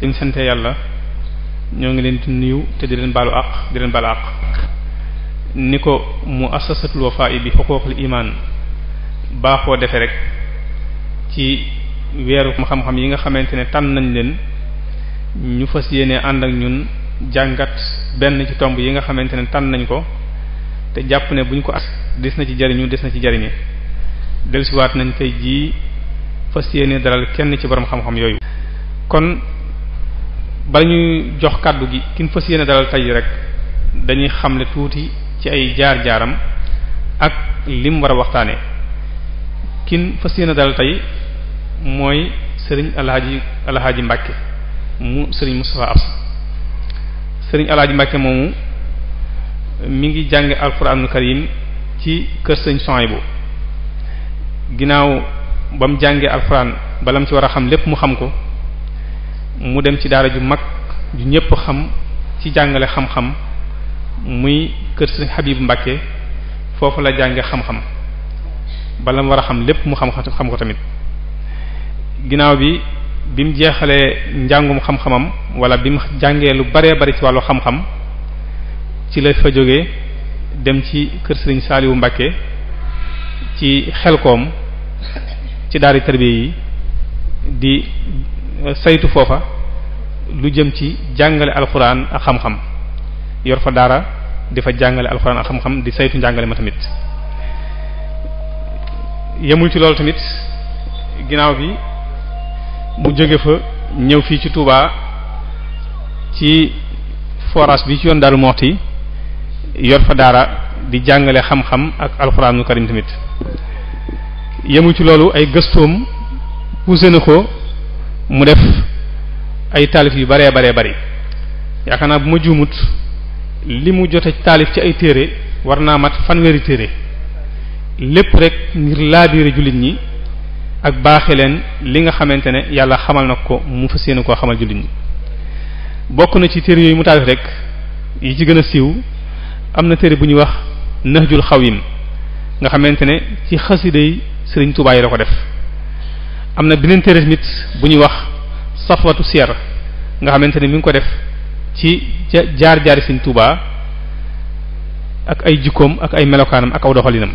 suñ sante yàlla ñoo ngi leen di nuyu te di leen baalu àq di leen baalu àq ni ko mu assasatul wafa'i bi xuququl iman baaxoo defe rek ci weeru xam-xam yi nga xamante ne tànn nañ leen ñu fas yéene ànd ak ñun jàngat benn ci tomb yi nga xamante ne tànn nañ ko te jàpp ne buñ ko as des na ci jariñu des na ci jariñe dellusiwaat nañ tey jii fas yéene dalal kenn ci boroom xam-xam yooyu kon bala ñuy jox kàddu gi kin fës yéene dalal tey rek dañuy xamle tuuti ci ay jaar-jaaram ak lim war a waxtaanee kin fës yéene dalal tey mooy sëriñ alhaaji alhaaji Mbàkke mu sëriñ Moustapha Absa sëriñ alhaaji Mbàkke moomu mu ngi jànge alxuraanul karim ci kër sëñ Sohaybu ginnaaw ba mu jàngee alxuraan balam ci war a xam lépp mu xam ko mu dem ci daara ju mag ju ñépp xam ci jàngale xam-xam muy kër Sëriñ Habib Mbacke foofu la jànge xam-xam bala mu war a xam lépp mu xam xam ko tamit ginnaaw bi bi mu jeexalee njàngum xam-xamam wala bi mu jàngee lu baree bari ci wàllu xam-xam ci la fa jógee dem ci kër Sëriñ Saaliwu Mbacke ci xelkoom ci daari tarbiya yi di saytu foofa lu jëm ci jàngale alxuraan ak xam-xam yor fa daara di fa jàngale alxuraan ak xam-xam di saytu njàngale ma tamit yemul ci loolu tamit ginnaaw bi mu jóge fa ñëw fii ci Touba ci forage bi ci yoon Darou Moukhty yor fa daara di jàngale xam-xam ak alxuraanul karim tamit yemul ci loolu ay gëstoom poussé na ko mu def ay taalif yu baree baree bari yaakaar naa bu ma juumut li mu jote taalif ci ay téere war naa mat fanweeri téere lépp rek ngir laabiire jullit ñi ak baaxe leen li nga xamante ne yàlla xamal na ko mu fas yéene koo xamal jullit ñi bokk na ci téere yooyu mu taalif rek yi ci gën a siiw am na téere bu ñuy wax xaw Xawim nga xamante ne ci xasida yi Sëriñ Tuubaa yi la ko def am benen beneen nit buñu wax safwatu sir nga xamanteni mi ngi ko def ci jaar jaar Sëriñ touba ak ay jikom ak ay melokanam ak aw doxalinam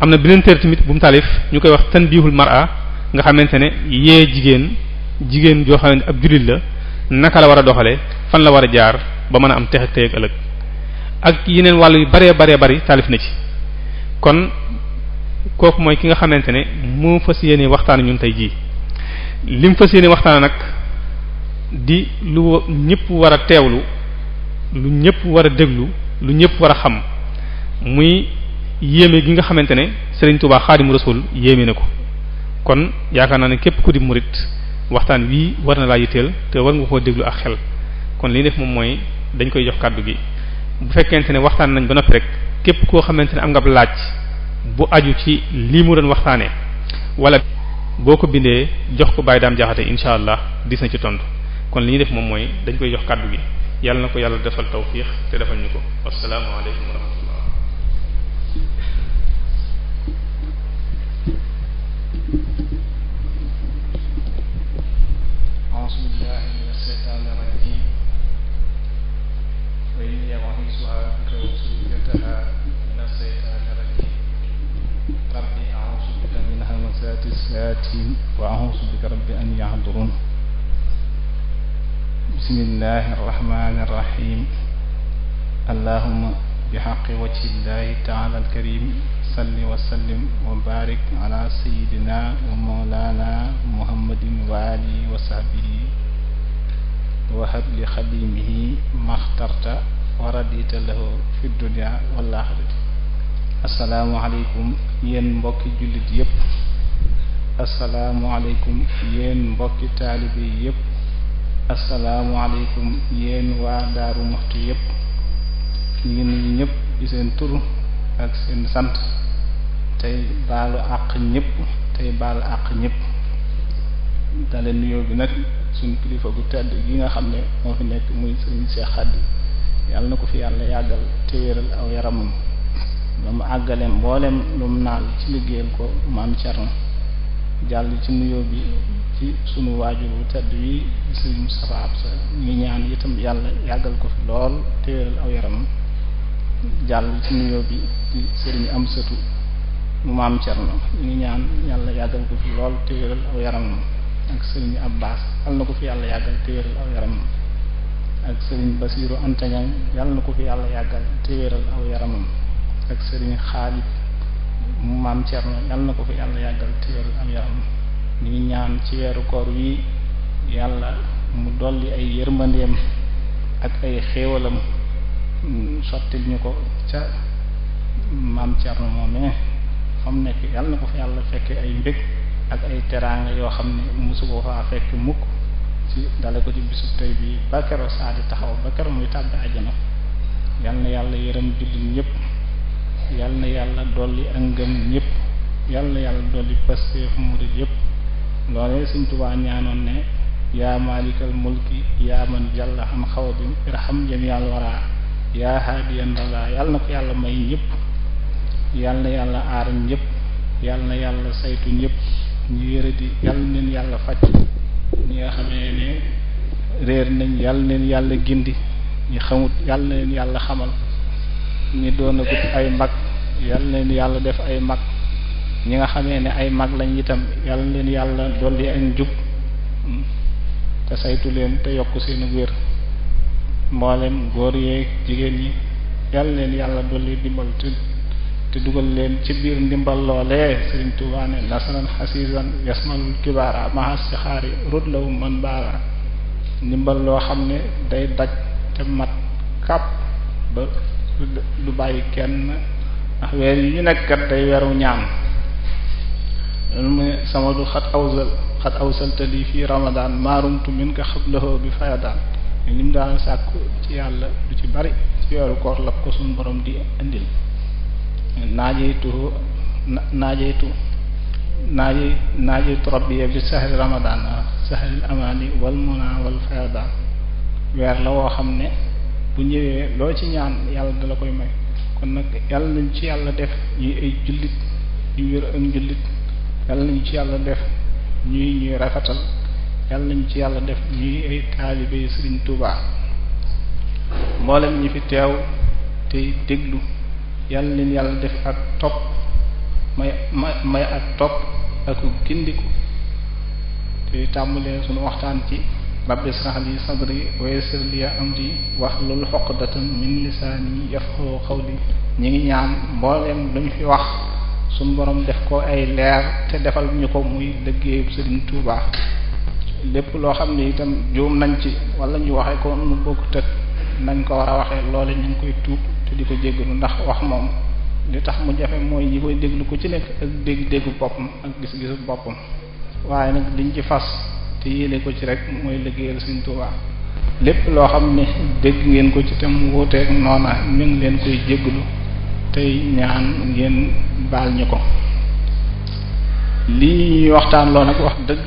am benen beneen téere tamit bu mu taalif wax tanbihul mar'a nga xamanteni ye jigen jigen jo xamanteni ab julil la naka la wara doxale fan la wara jaar ba mën am tex tey ak ak yeneen walu bari bare bare bari talif na ci kon kooku mooy ki nga xamante ne moo fas yéene waxtaan ñun tey jii lim fas yéene waxtaan nag di lu ñëpp war a teewlu lu ñëpp war a déglu lu ñëpp war a xam muy yéeme gi nga xamante ne Serigne Touba Xaadimu Rasuul yéeme na ko kon yaakaar naa ne képp ku di murit waxtaan wii war na laa yitteel te war nga koo déglu ak xel kon li def moom mooy dañ koy jox kàddu gi bu fekkente ne waxtaan nañ ba noppi rek képp koo xamante ne am nga laaj. bu aju ci lii mu doon waxtaanee walla boo ko bindee jox ko bàyyi daam jaxate incha allah dis na ci tontu kon li ñuy def moom mooy dañ koy jox kàddu gi yàlla na ko yàlla defal tawfiix te defal ñu ko wasalaamualeykum wa rahmatullah أعوذ الذات وأعوذ بك رب أن يحضرون بسم الله الرحمن الرحيم اللهم بحق وجه الله تعالى الكريم صل وسلم وبارك على سيدنا ومولانا محمد وآله وصحبه وهب لخديمه ما اخترت ورديت له في الدنيا والآخرة عليكم ين mbokki jullit yépp asalaamualeykum yéen mbokki taalibe yépp asalaamualeykum yéen waa daaru muxti yépp ñu ngi nuyu ñépp ci seen tur ak seen sant tey baalu àq ñépp tey baalu àq ñépp dale nuyoo bi nag suñ kilifa gu tedd gi nga xam ne moo fi nekk muy sëriñ Cheikh Khady yàlla na ko fi yàlla yàggal te wéral aw yaramam ba mu àggaleem mboolem lu mu naal ci liggéeyal ko maam Thierno jàll ci nuyoo bi ci sunu waajur wu tedd wi Sëriñ Moustapha Absa ñu ñaan itam yàlla yàggal ko fi lool te wéral aw yaramam jàll ci nuyoo bi ci Sëriñ Amsatu mu maam Cerno ngi ñaan yàlla yàggal ko fi lool te aw yaramam ak Sëriñ Abbas yal na ko fi yàlla yàggal te aw yaramam ak Sëriñ Basiiru na ko fi yàlla yàggal te wéral aw yaramam ak Sëriñ Xaalid Mam Thierno yal na ko fi yalla yagal ci wér am yaram ni ngi ñaan ci yeru koor wi yalla mu dolli ay yermandem ak ay xéewalam mm, sottil ñu ko ca maam Thierno moomee xam ne yàlla yalla ko fi yalla fekke ay mbeg ak ay teranga yoo xamne ne ko faa mukk ci dale ko ci bisu tay bi ba saadi taxaw ba muy tabba aljana yalla yalla yeram yërëm ñepp yal na yàlla dolli ak ngëm ñépp yal na yàlla dolli pastéef murid yépp loole Sëriñ Tuubaa ñaanoon ne yaa maalikal mulki yaa man jàll xam xaw bi irham jami'al wara yaa haadiyan dala na ko yàlla may ñépp yal na yàlla aar ñépp yal yàlla saytu ñépp ñu yërëdi yal neen yàlla faj ñi nga xamee ne réer nañ yal neen yàlla gindi ñi xamut yal na yàlla xamal ñi doon agut ay mag yal na yàlla def ay mag ñi nga xamee ne ay mag lañ itam yal na yàlla dolli ak njub te saytu leen te yokk seen wér mboolem góor yeeg jigéen ñi yal leen yàlla dolli dimbal te te dugal leen ci biir ndimbal loolee Sëriñ Tuubaa ne nasaran xasiisan yasmalul kibaara mahas si xaari rut lawu man baara ndimbal loo xam ne day daj te mat kàpp ba du baye kenn ndax weer yi ñu nekk kat day weru ñaan sama du khat awzal khat awsal ta li fi Ramadan maarumtu min ka khablahu bi fayadan nim daan sàkku ci yàlla du ci bari ci yoru ko la ko sun borom di andil najaytu najaytu naaje naajeytu rabbi bi sahri Ramadan al amani wal muna wal fayadaan wer la wo xamne bu ñëwee loo ci ñaan yàlla da koy may kon nag yàlla nañ ci yàlla def ñuy ay jullit ñu wér ak jullit yàlla nañ ci yàlla def ñuy rafetal yàlla nañ ci yàlla def ñuy ay taalibe yu Sëriñ Tuubaa mboolem fi teew tey déglu yàlla leen yàlla def ak topp may may ak topp ak gindiku te tàmbalee sunu waxtaan ci rabbi israh li sadri wa yassir li amri wahlul uqdatan min lisaani yafqahu qawli ñu ngi ñaan mbooleem lu ñu fi wax suñu borom def ko ay leer te defal ñu ko muy liggéeyu Serigne Touba lépp loo xam ne itam juum nañ ci wala ñu waxee ko nu bokk tëg nañ ko war a waxee loole ñu ngi koy tuub te di ko jéggalu ndax wax moom li tax mu jafe mooy yi koy déglu ko ci nekk ak dégg-déggu boppam ak gis-gisu boppam waaye nag liñ ci fas te ko ci rek mooy liggéeyal Sëriñ Tuubaa lépp loo xam ne dëgg ngeen ko ci mu wuuteeg noona ñu ngi leen koy jégglu tey ñaan ngeen baal ñu ko lii ñuy nag wax dëgg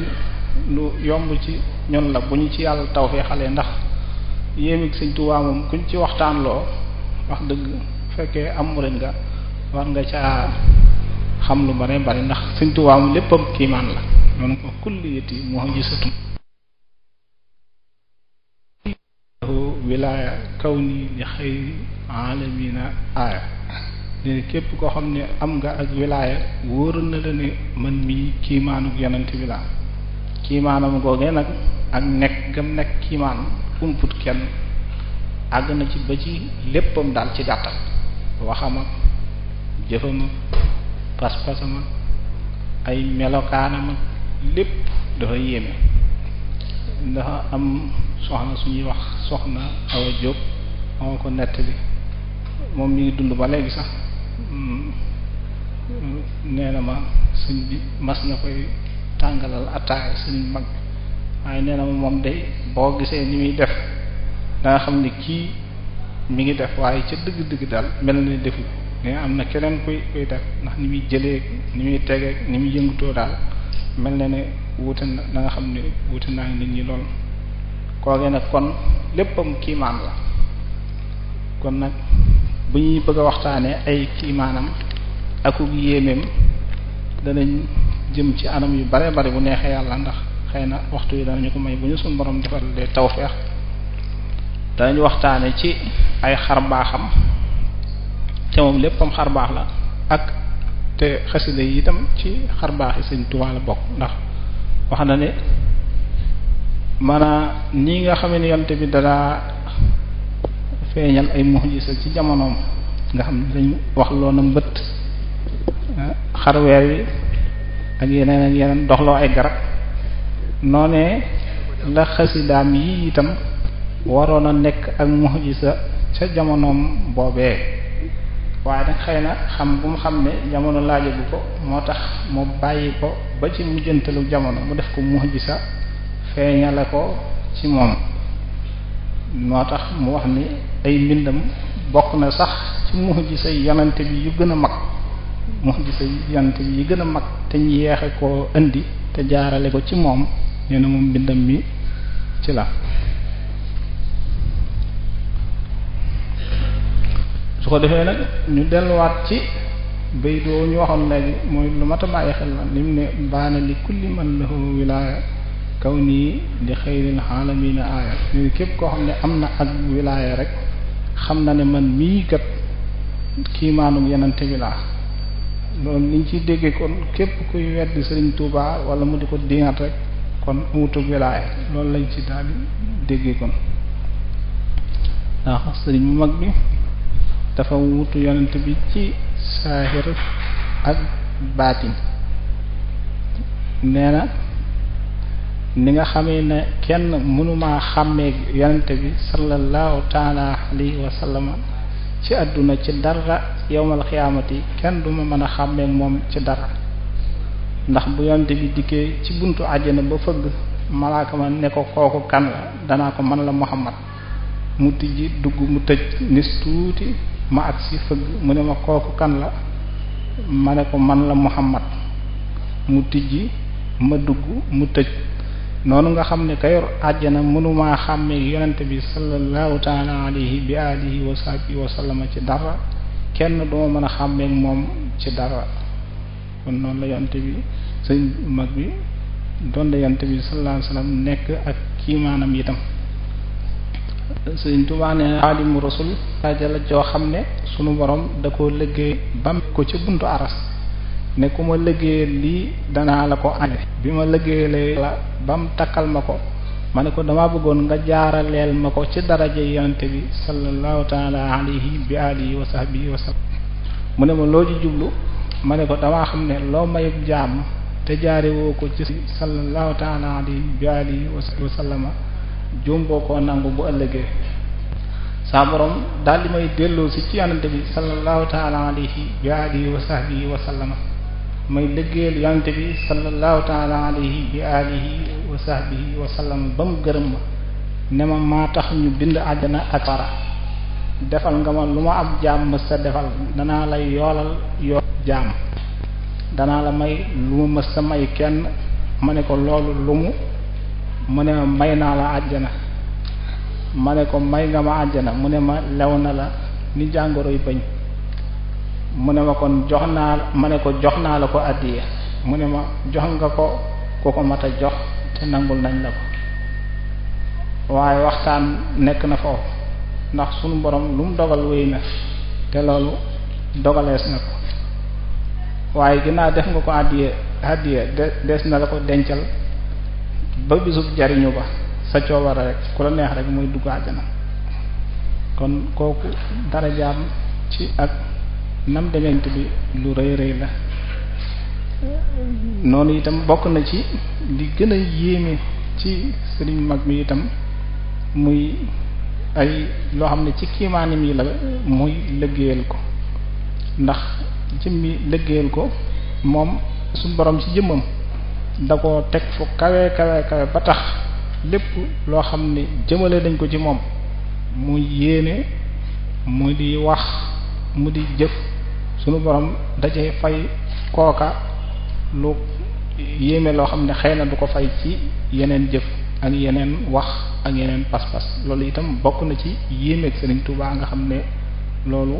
lu yomb ci ñoon la bu ñu ci yàlla taw fee xale ndax yéemig Sëriñ Tuubaa moom kuñ ci waxtaanloo wax dëgg fekkee am murid nga war nga caa xam lu bare bare ndax Sëriñ Tuubaa mu léppam kiimaan la noonu ko kulliyati mu'jizatun wilaaya kaw nii koo xam ne am nga ak wilaaya bi laa kiimaanam googee nag ak nekk gam àgg na ci ba ci léppam daal ci gàttal waxam ak pas-pasam ak ay melokaanam ak lépp dafa yéeme dafa am soxna suñuy wax soxna Awa jóg moo ko bi moom mi ngi dund ba léegi sax mm, mm, nee na ma suñ bi mas na koy tàngalal attaaya suñ mag waaye nee na ma moom day boo gisee ni muy def da xam ni kii mi ngi def waaye ca dëgg-dëgg daal mel na ni defu mais am na keneen kuy kuy def ndax ni muy jëlee ni muy tegee ni muy yëngutoo daal mel na ne wuute na na nga xam ne wuute naa nit ñi lool koogee nag kon léppam kiimaan la kon nag bu ñuy bëgg a waxtaanee ay kiimaanam ak akuk yéemeem danañ jëm ci anam yu bare bare bu neexee yàlla ndax xëy na waxtu yi danañu ko may bu ñu suñu borom defal lee tawfeex danañu waxtaane ci ay xarbaaxam ca moom lépp comme xar baax la ak te xasida yi itam ci xar baax yi Sëriñ Tuubaa bokk ndax wax na ne maanaam ni nga xamee ni yonte bi dadaa feeñal ay sa ci jamonoom nga xam ne dañu wax loo na mbëtt xarweer yi ak yeneen ak yeneen doxloo ay garab noonee la xasidaam yi itam waroon a nekk ak muxjisa ca jamonoom boobee waaye nag xëy na xam bu mu xam ne jamono laajagu ko moo tax mu bàyyi ko ba ci mujjantalu jamono mu def ko muhjisa feeñale ko ci moom moo tax mu wax ni ay mbindam bokk na sax ci muhjisa yonante bi yu gën a mag muhjisa yonante bi yu gën a mag te ñu yeexe koo indi te jaarale ko ci moom nee na moom mbindam mi ci la su ko defee nag ñu delluwaat ci bayit woowu ñu waxoon léegi mooy lu mat a xel la lim ne baana li kulli man lahu wilaaya kaw nii li xayril na aaya ñu képp koo xam ne am na ak wilaaya rek xam na ne man mii kat kii maanum yenante bi laa loolu ciy déggee képp kuy wedd Sëriñ wala mu di ko rek kon amutug wilaaya loolu lañ ci daal di déggee kon ndax sëriñ bu mag bi dafa wutu yonent bi ci saahir ak baatin nee na ni nga xamee ne kenn mënuma xàmmee yonente bi sallallahu taala alayhi wa ci àdduna ci dara yowmal xiyaamati kenn duma mën a xàmmee moom ci dara ndax bu yonente bi dikkee ci buntu àjjana ba fëgg malaaka ma ne ko kooku kan la danaa ko man la Muhammad mu tijji dugg mu tëj nis tuuti ma ak si fëgg mu ne ma kooku kan la ma ne ko man la Muhammad mu tijji ma dugg mu tëj noonu nga xam ne ka yor àjjana mënuma xàmmee yonente bi sallallahu taala alayhi bi alihi wa sahbihi ci dara kenn duma mën a xàmmeek moom ci dara kon noonu la yonente bi sëñ mag bi doon la yonente bi sallallahu alayhi nekk ak kiimaanam yitam Sëriñ Tuubaa nee na xaadimu rasul daraja la joo xam ne sunu borom da koo liggéey ba ko ci buntu aras ne ku ma liggéeyee lii danaa la ko añe bi ma liggéeyee la bam takkal ma ko ma ne ko dama bëggoon nga jaaraleel ma ko ci daraja yonante bi sallallahu taala alayhi bi alihi wa sahbihi mu ne ma loo ji jublu ma ne ko damaa xam ne loo mayub jaam te jaarewoo ko ci sallallahu taala alayhi bi alihi wa juum boo nangu bu ëllëgee saa boroom daal di may delloo ci yonante bi sallallahu taala alayhi wa alihi wa sahbihi wa sallama may lëggeel yonante bi sallallahu taala alayhi wa alihi wa sahbihi wa sallama ba mu gërëm ma ne ma maa tax ñu bind àjjana ak safara defal nga ma lu ma ab jaam mës sa defal danaa lay yoolal yoo jaam danaa la may lu ma mës sa may kenn ma ne ko loolu lu mu mu ne ma may naa la àjjana ma ne ko may nga ma àjjana mu ne ma lew na la ni jàngoro jàngoroy bañ mu ne ma kon jox naa ma ne ko jox naa la ko àddiya mu ne ma jox nga ko ku ko mat a jox te nangul nañ la ko waaye waxtaan nekk na foofu ndax sunu borom lu mu dogal wéy na te loolu dogalees na ko waaye ginnaaw def nga ko àddiya àddiya de des na la ko dencal ba bisub jariñu ba sa coobara rek ku la neex rek muy dugg kon kooku dara darajaam ci ak nam dementi bi lu rëy rëy la noonu itam bokk na ci li gën a yéeme ci sëriñ mag mi itam muy ay loo xam ne ci kiimaanim yi la muy lëggéeyal ko ndax jëmmi lëggéeyal ko moom suñ borom ci jëmmam da ko teg fu kawe kawe kawe ba tax lépp loo xam ne jëmale dañ ko ci moom mu yéene mu di wax mu di jëf sunu borom dajee fay kooka lu yéeme loo xam ne xëy na du ko fay ci yeneen jëf ak yeneen wax ak yeneen pas-pas loolu itam bokk na ci yéemeeg Serigne tubaa nga xam ne loolu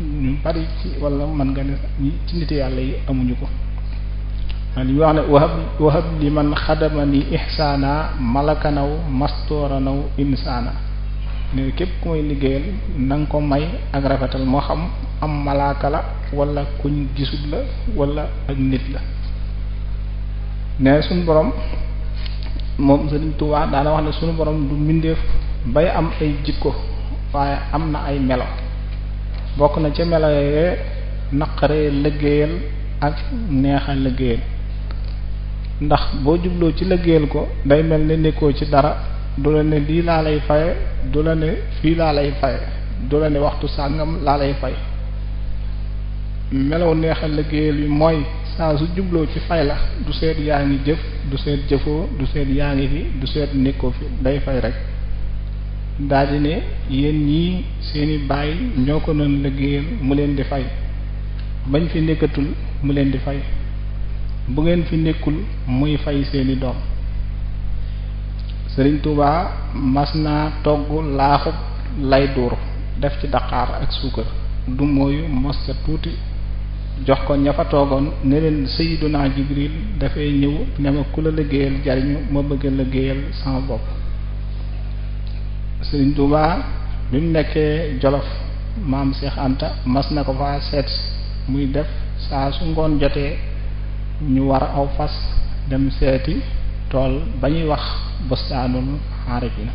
ñu bari ci wala mën nga ne ci nit yàlla yi amuñu ko li wax ne wahab wahab li man xadamani ihsaana malakanaw mastooranaw insaana ne képp ku may liggéeyal na ko may ak rafetal moo xam am malaaka la wala kuñ gisul la wala ak nit la ne suñu borom moom Sëriñ Tuubaa daana wax ne suñu borom du mbindeef bay am ay jikko waaye am na ay melo bokk na ca melo yooyee naqaree liggéeyal ak neexa liggéeyal ndax boo jubloo ci liggéeyal ko day mel ne nekkoo ci dara du la ne lii laa lay faye du la ne fii laa lay faye du la ne waxtu sàngam laa lay fay melaw neexal liggéeyal yi mooy saa su jubloo ci fay la du seet yaa ngi jëf du seet jëfoo du seet yaa ngi fi du seet nekkoo fi day fay rek daldi ne yéen ñii seeni baay ñoo ko doon liggéeyal mu leen di fay bañ fi nekkatul mu leen di fay bu ngeen fi nekkul muy fay seeni doom Sëriñ Tuubaa mas naa togg laaxub lay duur def ci daqaar ak suukar du mooyu mos sa tuuti jox ko ña fa toogoon ne leen Sayyiduna Jibril dafay ñëw ne ku la liggéeyal jariñu ma bëgg a liggéeyal sama bopp Sëriñ Tuubaa bi nekkee Jolof maam Cheikh mas na ko fa seet muy def saa su ngoon jotee ñu war aw fas dem seeti tool ba ñuy wax bustaanul xaarifina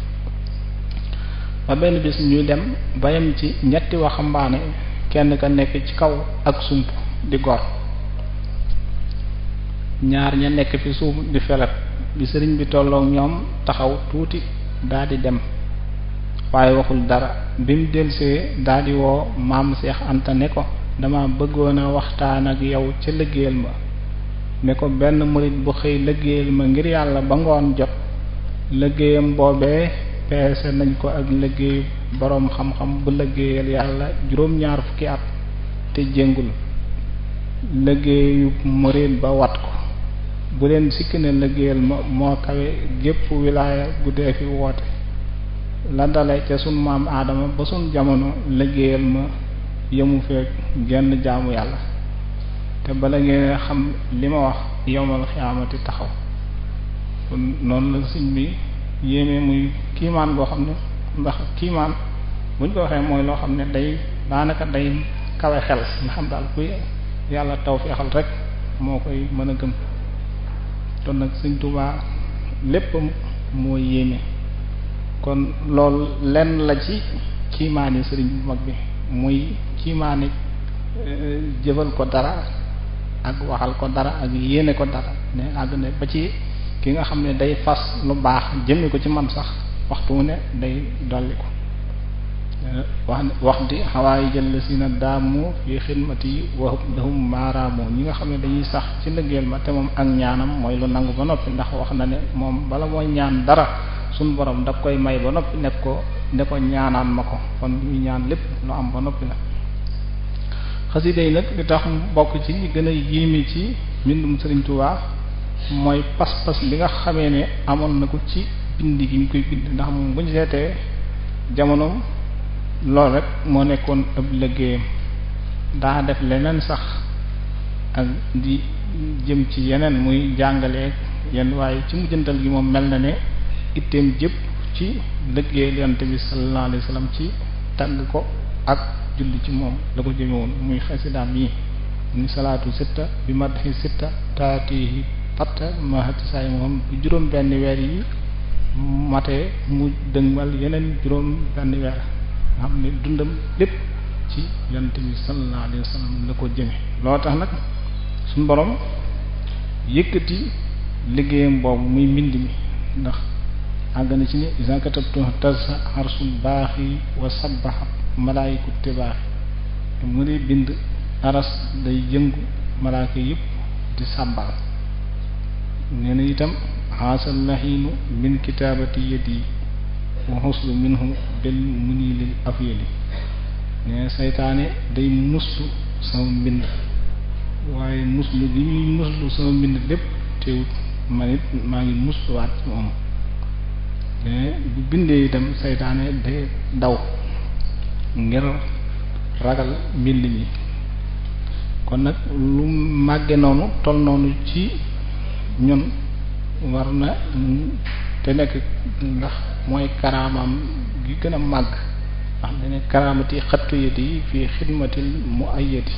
ba benn bis ñu dem bayam ci ñetti waxambaane kenn ka nekk ci kaw ak sump di gor ñaar ña nekk fi suuf di felet bi sëriñ bi tolloog ñoom taxaw tuuti daldi dem waaye waxul dara bi mu delsee daldi woo maam Seex Anta ne ko dama bëggoon a waxtaan ak yow ca liggéeyal ma ne ko benn murit bu xëy liggéeyal ma ngir yàlla ba ngoon jot liggéeyam boobee peese nañ ko ak liggéeyu boroom xam-xam bu liggéeyal yàlla juróom-ñaar fukki at te jëngul liggéeyu murit ba wat ko bu leen sikki ne ma moo kawe gépp wilaaya guddee woote la dale ca sun maam aadama ba sun jamono liggéeyal ma yemu feek genn jaamu yàlla te bala ngeen a xam li ma wax yowmal xiyaamati taxaw kon noonu la suñ bi yéeme muy kiimaan boo xam ne ndax kiimaan buñ ko waxee mooy loo xam ne day daanaka day kawe xel nga xam daal kuy yàlla taw feexal rek moo koy mën a gëm kon nag suñ tubaa lépp moo yéeme kon lool lenn la ci kiimaan yi sëriñ bu mag bi muy kiimaani eh, jëfal ko dara ak waxal ko dara ak yéene ko dara ne àgg ne ba ci ki nga xam ne day fas lu baax jëme ko ci man sax waxtu wu ne day dolli ko wax wax di xawaayi jël si na daamu fi xidmati yi waxub dahum maaraamu ñi nga xam ne dañuy sax ci ndëggeel ma te moom ak ñaanam mooy lu nangu ba noppi ndax wax na ne moom bala mooy ñaan dara suñ boroom daf koy may ba noppi nekk ko ne ko ñaanaan ma ko kon ñuy ñaan lépp lu am ba noppi la xasida yi nag li tax bokk ci gën a yéeme ci mbindum Sëriñ Tuubaa mooy pas-pas bi nga xamee ne amoon na ko ci bind gi ñu koy bind ndax moom bu ñu seetee jamono lool rek moo nekkoon ab liggéeyam daa def leneen sax ak di jëm ci yeneen muy jàngale yenn waaye ci mujjantal gi moom mel na ne itteem jëpp ci liggéeyal Yonent bi sallallahu alayhi wasallam ci tagg ko ak julli ci moom la ko jëme woon muy xasidaam yi ni salaatu sitta bi madhi sitta taatihi patta mahati saay moom bu juróom benn weer yi matee mu dëgmal yeneen juróom benn weer nga xam ne dundam lépp ci yonent bi sallallahu alayhi la ko jëme loo tax nag suñu borom yëkkati liggéeyam boobu muy mbind mi ndax àgg na ci ni iza katabtu tasa arsul baaxi wa sabaxa malaayiku tibaax mu ne bind aras day yëngu malaaka yëpp di sàmbal nee na itam xaasal naxiinu min kitaabati yadi wa xuslu minhu bel munilil afyali nee na saytaane day muslu sama mbind waaye muslu li muy muslu sama mbind lépp teewut ma it maa ngi musluwaat moom nee bu bindee itam saytaane day daw ngir ragal mbind mi kon nag lu màgge noonu toll noonu ci ñun war na te nekk ndax mooy karaamam gi gën a màgg ndax dañu karaamati xattu yët yi fii xidmatil mu ay yët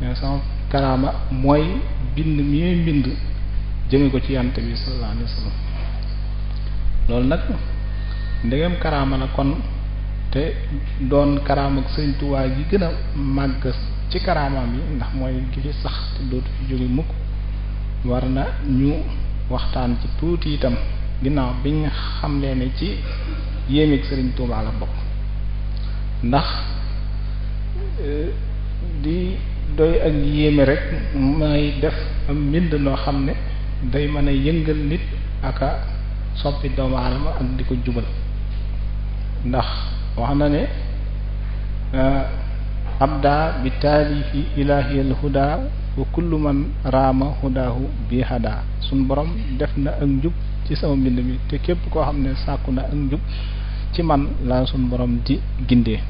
yi sama karaama mooy bind mi ñuy bind jëme ko ci yant bi sallallahu loolu nag ndegem karaama la kon te doon karaam ak sëñ Tuubaa gi gën a màgg ci karaamam yi ndax mooy ki fi sax te dootu fi jóge mukk war na ñu waxtaan ci tuuti itam ginnaaw biñ xamlee ne ci yéemeeg sëriñ Tuubaa la bokk ndax e, di doy ak yéeme rek may def am mbind noo xam ne day mën a yëngal nit aka soppi doomu aadama ak di ko jubal ndax wax na ne uh, abda bi taalifi ilahi al huda wa kullu man raama hudahu bi hada suñ borom def na ak njub ci sama mbind mi te képp koo xam ne sàkku na ak njub ci man laa suñ borom di gindee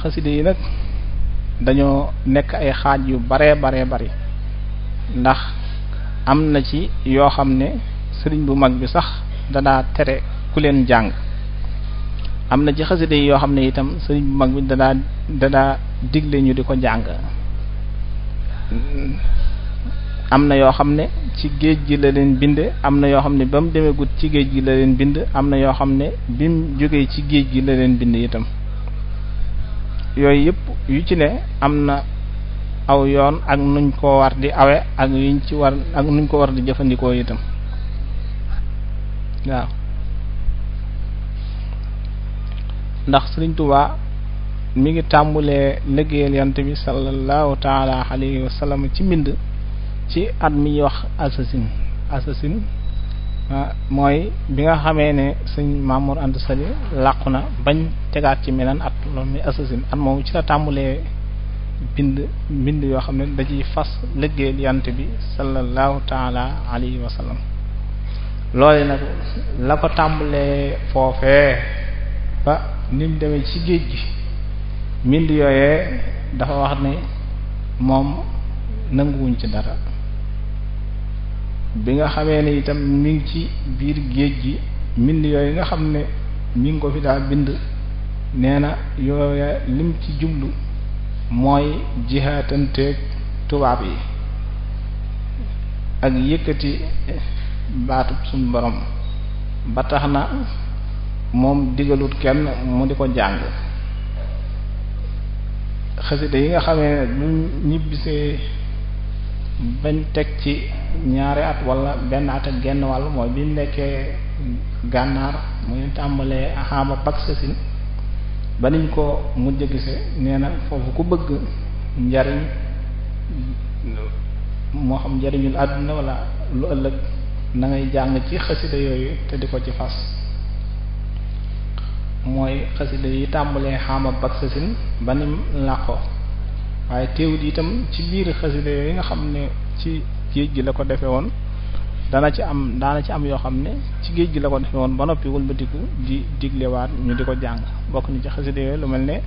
xaside yi nag dañoo nekk ay xaaj yu baree baree bari ndax am na ci yoo xam ne sëriñ bu mag bi sax danaa tere ku leen jàng am na ci xasida yi yoo xam ne itam sëriñ bu mag bi dadaa dadaa digle ñu di ko jàng am na yoo xam ne ci géej gi la leen bind am na yoo xam ne ba mu ci géej gi la leen bind am na yoo xam ne bi mu jógee ci géej gi la leen bind itam yooyu yëpp yu ci ne am na aw yoon ak nuñ ko war di awe ak yuñ ci war ak nuñ ko war di jëfandikoo itam waaw ndax Sëriñ Tuubaa mi ngi tàmbulee liggéeyal yant bi sallallahu taala alayhi wa ci mbind ci at mi ñuy wax assasine assasine ah, mooy bi nga xamee ne sëñ Mamour Anta Sali làqu na bañ tegaat ci meneen at loolu muy assasine at moom ci la tàmbulee bind mbind yoo xam ne daciy fas liggéeyal yant bi sallallahu taala alayhi wa sallam nag la ko tàmbulee foofee nim demee ci géej gi mbind yooyee dafa wax ni moom nanguwuñ ci dara bi nga xamee ni itam mi ci biir géej gi mbind yooyu nga xam ne mi ko fi daa bind nee na yooya lim ci jublu mooy jihaatanteeg tubaab yi ak yëkkati baatub suñu borom ba tax na moom digalut kenn mu di ko jàng xasida yi nga xamee lu ñibbisee bañ teg ci ñaari at wala benn at ak genn wàll mooy bi nekkee gànnaar mu tàmbalee xaama pak sasin ba niñ ko mu gise nee na foofu ku bëgg njariñ moo xam njariñul àdduna wala lu ëllëg na ngay jàng ci xasida yooyu te di ko ci fas mooy xasida yi tàmbalee xaama bak ba nim làqoo waaye teewut tam ci biir xasida yooyu nga xam ne ci géej gi la ko defee woon dana ci am daana ci am yoo xam ne ci géej gi la ko defee woon ba noppi wëlbatiku di diglewaat ñu di ko jàng bokk ni ci xasida yooyu lu mel ne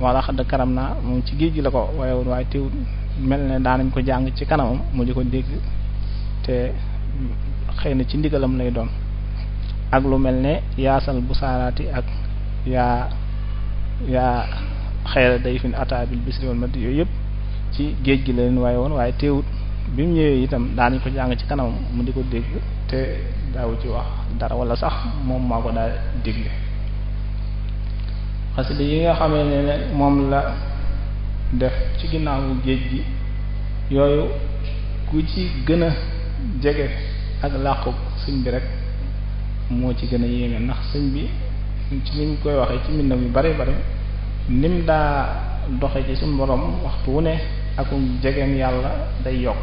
walla xadd karam naa moom ci géej gi la ko waaye woon waaye teewut mel ne daanañ ko jàng ci kanamam mu di ko dégg te xëy na ci ndigalam lay doon ak lu mel ne yaasal bu saaraati ak yaa yaa xayra day fin ata bil bisri wal maddi yooyu yëpp ci géej gi la leen waaye woon waaye teewut bi mu ñëwee itam daanañ ko jàng ci kanam mu di ko dégg te daawu ci wax dara wala sax moom maa ko daa dégle xasida yi nga xamee ne moom la def ci ginnaawu géej gi yooyu ku ci gën a jege ak làqu sëñ bi rek moo ci gën a yéeme ndax sëñ bi ci niñ koy waxee ci mbindam yu bare bare nim daa doxe ci suñu borom waxtu wu ne akum jegeen yàlla day yokk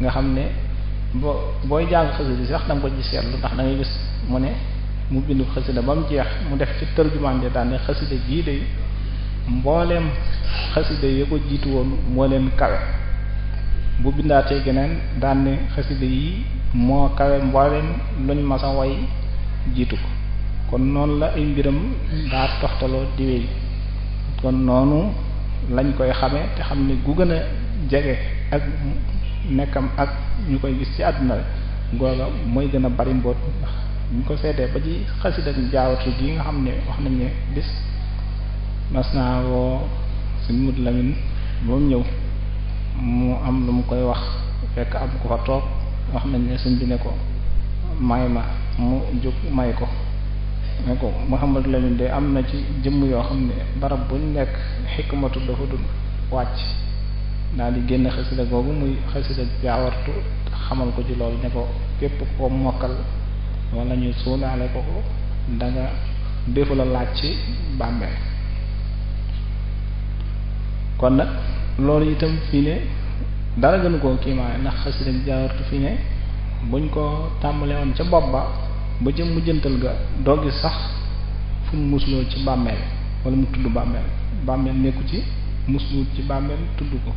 nga xam ne boo booy jàng xasida sax da nga ko ci seetlu ndax da gis mu ne mu bind xasida ba mu jeex mu def ci tërjumaan de daal ne xasida jii de mbooleem xasida yi ko jiitu woon moo leen kawe bu bindaatee geneen daan ne xasida yi moo kawe mbooleem luñ masa way jiitu ko kon noonu la ay mbiram daa toxtaloo di wéy kon noonu lañ koy xamee te xam ne gu gën a jege ak nekkam ak ñu koy gis ci àdduna rek googa mooy gën a bari mboot ñu ko seddee ba ci xasida ak jaawatu gi nga xam ne wax nañ ne bis mas naa woo suñ mut lamin moom ñëw mu am lu mu koy wax fekk am ku fa toog wax nañ ne suñ ko may ma mu jóg may ko ne ko Mouhamadou Lamine de am na ci jëmm yoo xam ne barab buñ nekk xikmatu dafa dul wàcc daal di génn xasida googu muy xasida jaawartu xamal ko ci loolu ne ko képp ko mokkal wala ñu suunaale ko ko da nga laaj ci bàmmeel kon nag loolu itam fii ne dara gënu koo kiimaane ndax xasida jaawartu fii ne buñ ko tàmbalee woon ca bopp ba ba jëm mujjantal ga doo sax fu mu ci bàmmeel walla mu tudd bàmmeel bàmmeel nekku ci muslu ci bàmmeel tudd ko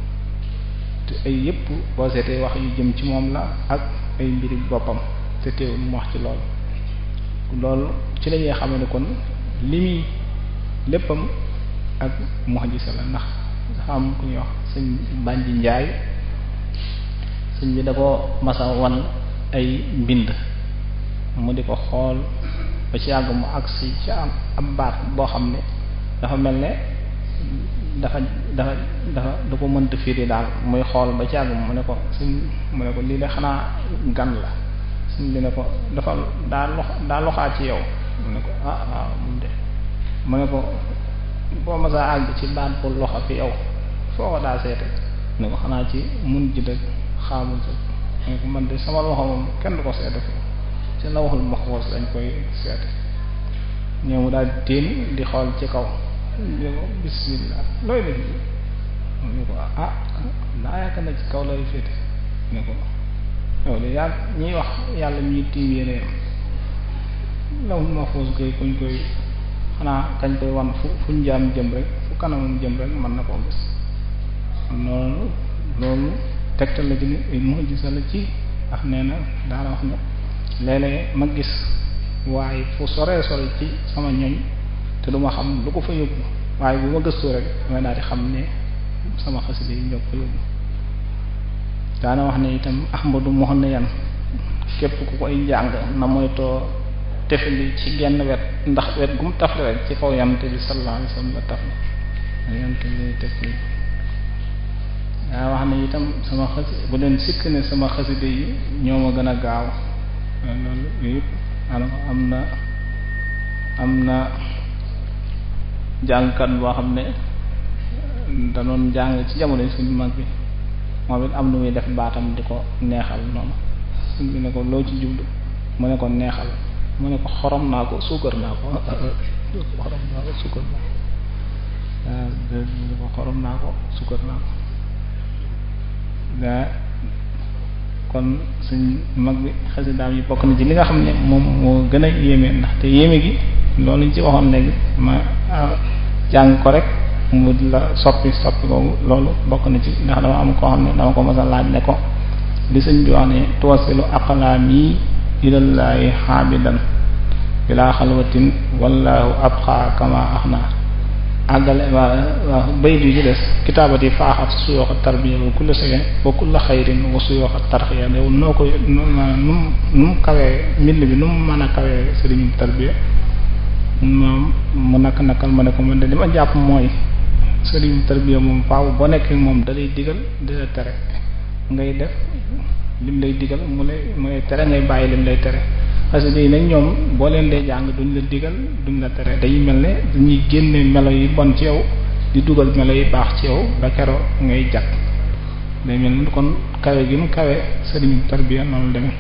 te ay yëpp boo seetee wax yu jëm ci moom la ak ay mbiri boppam te teewul mu wax ci lool loolu ci la ñuy xamee ne kon li muy léppam ak muhaddisa la ndax dafa am ku ñuy wax sëñ bànji njaay sëñ bi da ko masa wan ay mbind mu di ko xool ba ci yàgg mu agsi ci am am baat boo xam ne dafa mel ne dafa dafa dafa du ko mënta firi daal muy xool ba ci yàgg mu ne ko suñ mu ne ko lii de xanaa gan la suñ bi ne ko dafa daa lox daa loxaa ci yow mu ne ko ah waaw mu de mu ne ko boo masaa àgg ci baat bu loxo fi yow foo ko daa seete ne ko xanaa ci mun ji dëkk xaamul sa ne ko man de sama loxo moom kenn du ko seete ci lawhul mahfuz lañ koy seet ñëw mu daal téen di xool ci kaw ñu ko bismillah looy def ñu ko ah daa yaakaar na ci kaw lay féete ne ko de yàlla ñuy wax yàlla ñuy tiim yéene lawhul mahfuz koy kuñ koy xanaa kañ koy wan fu fu njaam jëm rek fu kanamam jëm rek mën na koo gis noonu loolu tegtal la ci ci ndax nee daana wax ne léeg-léeg ma gis waaye fu soree sore ci sama ñoñ te du ma xam lu ko fa yóbbu waaye bu ma gëstu rek damay daal di xam ne sama xasida yi ñoo ko yóbbu daana wax ne itam ahmadu yan képp ku koy jàng na moytoo tefli ci genn wet ndax wet gu mu tafli ci kaw yante bi sallallahu alayhi wasallam la tafli yante bi tefli daa wax ne itam sama xasi bu leen sikk ne sama xasida yi ñoo ma gën a gaaw loolu am na am na jàngkat boo xam ne da doon jàng ci jamono suñu mag bi moom it am nu muy def baatam di ko neexal noonu suñ bi ne ko loo ci jublu mu ne ko neexal mu ne ko xorom naa ko suukar naa ko ah, ah, ah. xorom naa ko naa ko waaw mu ne ko xorom naa ko suukar naa ko kon suñ mag bi xasidaam yi bokk na ci li nga xam ne moom moo gën a yéeme te yéeme gi loolu ñu ci waxoon léegi ma ah, jàng ko rek mu la soppi soppi ko loolu bokk na ci ndax dama am koo xam ne dama ko mos a laaj ne ko li sëñ bi wax ne tuwasilu aqlaam yi ilallaahi xaabidan bilaa xalwatin wallaahu abqa kama axnaa àggale waa waa bayit des kitaabati faaxat suyooxa tarbiya wa kulla sege wa kulla xayrin wa suyooxa tarxiya yow noo koy nu mu nu mu kawee bi nu mu mën a kawee sëriñu tarbiya moom mu nakk nakkal ma ne ko man de li ma jàpp mooy sëriñu tarbiya moom faaw boo nekk moom dalay digal di tere ngay def lim lay digal mu lay mu lay tere ngay bàyyi lim lay tere xasida yi nag ñoom boo leen dee jàng duñ la digal duñ la tere dañuy mel ne duñuy génne melo yi bon ci yow di dugal melo yi baax ci yow ba keroog ngay jàkk day mel ni kon kawe gi mu kawe sëriñu tarbiya noonu demee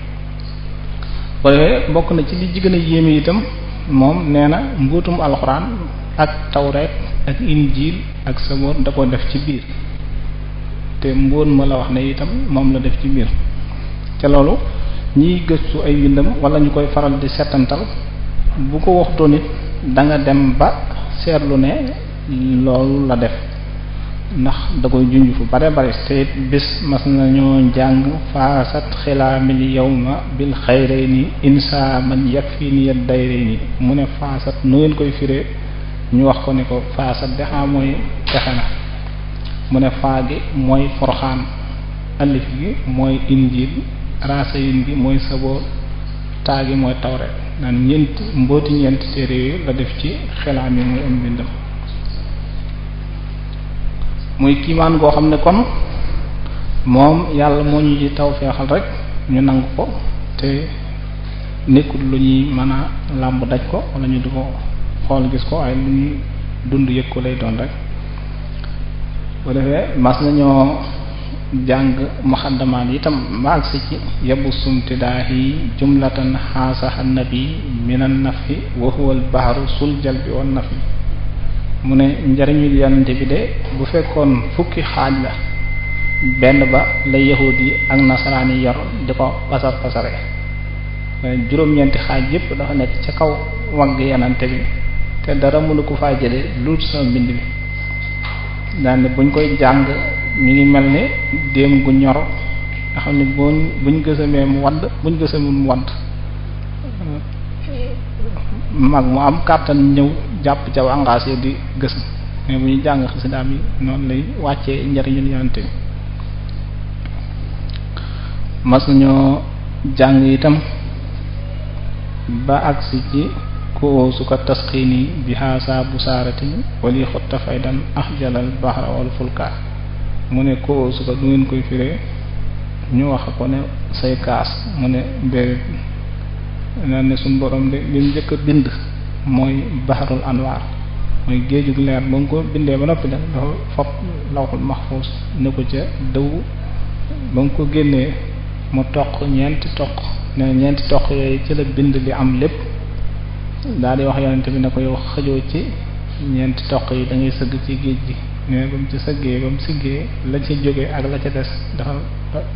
bokk na ci li ji a yéeme itam moom nee na mbuutum alxuraan ak tawreet ak injiil ak saboor da ko def ci biir te mbóon ma la wax ne itam moom la def ci biir ca loolu ñiy gëstu ay bindam wala ñu koy faral di setantal bu ko waxtoon it danga dem ba seetlu ne loolu la def ndax da koy junj fu bare bare te it bis mas nañoo jàng faasat xilaamil yawma bil xayrayni insa man yakfini yad dayrayni mu ne faasat nu ngeen koy firee ñu wax ko ne ko faasat de mooy texe na mu ne faa gi mooy forxaan alif gi mooy injil raasa yin bi mooy saboo taagi mooy tawret naan ñeent mbooti ñeent téere yooyu la def ci xelaam yi mooy am bindam muy kiimaan goo xam ne kon moom yàlla moo ñu ci taw feexal rek ñu nangu ko te nekkul lu ñuy mën a làmb daj ko walla ñu di ko xool gis ko ay lu ñuy dund yëg ko lay doon rek bu defee mas nañoo jàng muxaddamaan itam ma agsi ci yabu sumtidaahi jumlatan xaasaha nabi minan nafi wa huwa al bahru sul jalbi wan nafi mu ne njariñul yonente bi de bu fekkoon fukki xaaj la benn ba la yahud yi ak nasaraan yi yor di ko pasar pasare juróom-ñeenti xaaj yépp dafa nekk ca kaw wagg yonente bi te dara mënu ko faa jële luut sama mbind bi daane buñ koy jàng ñu ngi melni ne gu ñor nga xamni ne buñ buñ mu wad buñu mu wad mag mu am kàttan ñëw jàpp ca engagé ya di gës mais bu ñu jàng xasidaam yi non lay wàccee ñar ñun bi mas ñu jang itam ba agsi ci ko su ko tasqini bi haasa busaratin wali xutta faydan ahjalal bahra wal fulkaa mu ne ko su du ngeen koy firee ñu wax ko ne say kaas mu ne déedéet naan ne suñ borom de li njëkk a bind mooy baxarul anwaar mooy géejug leer ba nga ko bindee ba noppi nag dafa fop lawxul maxfuus ne ko ca dëw ba nga ko génnee mu toq ñeenti toq ne ñeenti toq yooyu ci la bind li am lépp daal di wax yonente bi ne ko yow xëjoo ci ñeenti toq yi da ngay sëgg ci géej gi nee na ba mu ci sëggee ba mu siggee la ca jógee ak la ca des dafa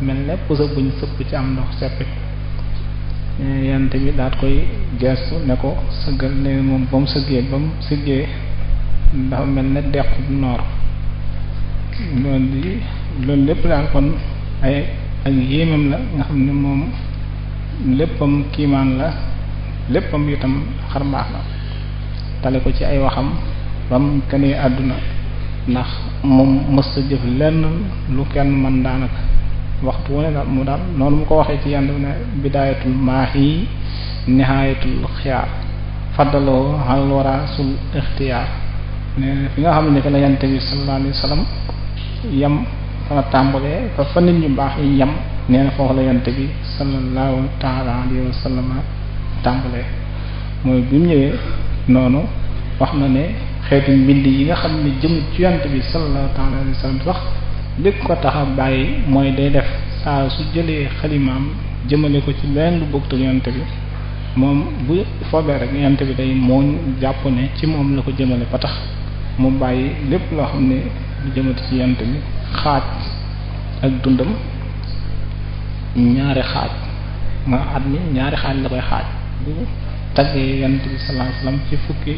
mel ne puso buñ sëpp ci am ndox seppi eh, yante bi daat koy geestu ne ko sëggal nee na moom ba mu sëggee ba mu siggee dafa mel ne dequ noor loolu di loolu lépp daal kon ay ak yéemam la nga xam ne moom léppam kiimaan la léppam itam xarmaax la tale ko ci ay waxam bam kenee àdduna ndax moom mësta jëf lenn lu kenn mën daanaka waxtu wu ne daal mu daal noonu mu ko waxee ci yenn ne bidaayatul maahi nihaayatul xiyaar faddaloo al ixtiyaar fi nga xam ne fa la yante bi sallallahu alayhi wa sallam baax la yante bi sallallahu mooy bi mu ñëwee noonu wax na ne xeeti mbind yi nga xam ne jëm ci yonent bi sallallahu taala alayhi wa sallam sax lépp ko tax a bàyyi mooy day def saa su jëlee xalimaam jëmale ko ci lenn lu bokkut ak bi moom bu foobee rek yonent bi day mooñ jàpp ne ci moom la ko jëmale ba tax mu bàyyi lépp loo xam ne lu jëmati ci yonent bi xaaj ak dundam ñaari xaaj nga at mi ñaari xaaj la koy xaaj bu taggee yonent bi sallallahu alayhi ci fukki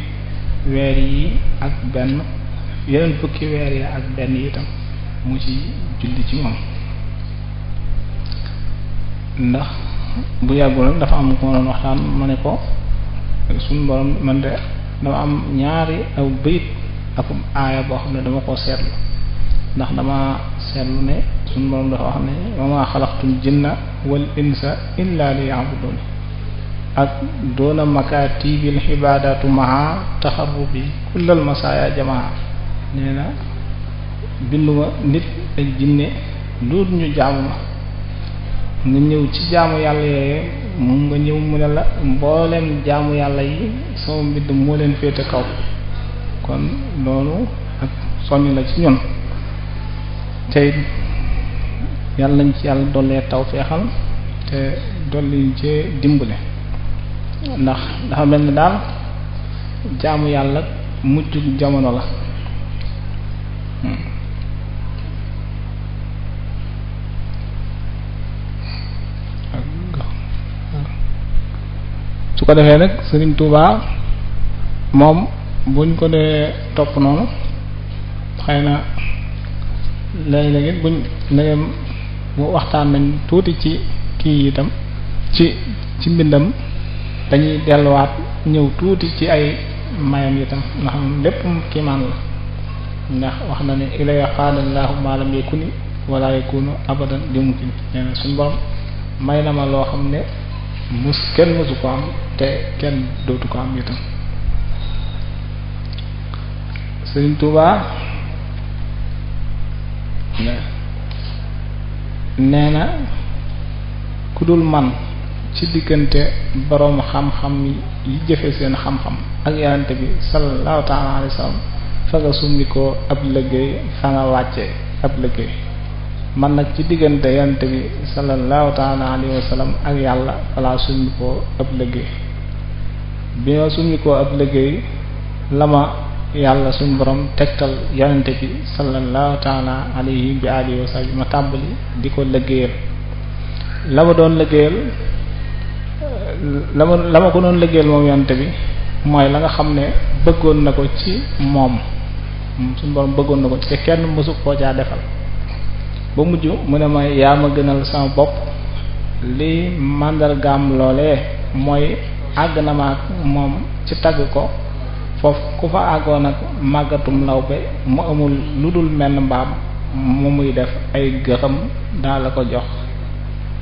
weer yi ak benn yeneen fukki weer yi ak benn itam mu ci julli ci moom ndax bu yàggul rek dafa am ko doon waxtaan ma ne ko suñ borom man de dama am ñaari aw bayit akum aaya boo xam ne dama ko seetlu ndax dama seetlu ne suñu borom dafa wax ne wa ma xalaqtul jinna wal insa illa liya'budun ak doona makatibil xibaadatu maha taxarrubi kullal masaaya jamaa nee na binduma nit ak jinne loolu ñu jaamu ma nga ñëw ci jaamu yàlla yooyu moom nga ñëw mu ne la mboolem jaamu yàlla yi sama mbind moo leen féete kaw kon loolu ak soññ la ci ñoon tey yàlla nañ ci yàlla dollee taw feexal te dolli ñu ci dimbale ndax dafa mel ni daal jaamu yàlla mujj jamono la su ko defee nag Serigne Touba moom buñ ko dee topp noonu xëy na léeg-léeg buñ ndegem bu waxtaan nañ tuuti ci kii itam ci ci mbindam dañuy delluwaat ñëw tuuti ci ay mayam itam nga xam lépp kiimaan la ndax wax na ne ilaya xaadallaahu maalam yakuni wala yakunu abadan di mumkin nee na suñ may na ma loo xam ne mus kenn mësu ko am te kenn dootu ko am itam Sëriñ Tuubaa nee na ku dul man ci diggante boroom xam-xam yi jëfe seen xam-xam ak yonent bi sallallahu taala alayhi wa sallam fa nga summi ab liggéey fa nga wàcce ab liggéey man nag ci diggante yonent bi sallallahu taala alayhi ak yàlla falaa summi ab liggéey bi ma summi ko ab liggéey la yàlla suñ borom tegtal yonent bi sallallahu taala alayhi bi alihi wa ma tàmbali di ko liggéeyal la ma doon liggéeyal la ma la ma ko doon liggéeyal moom yonte bi mooy la nga xam ne bëggoon na ko ci moom mm, suñu borom bëggoon na ko ci te kenn mësu koo caa defal ba mujj mu ne ma yaa ma gënal sama bopp li màndargaam loolee mooy àgg na ma ak moom ci tagg ko foofu ku fa àggoon ak màggatum law bi mu amul lu dul menn mbaam mu muy def ay gëxam daa la ko jox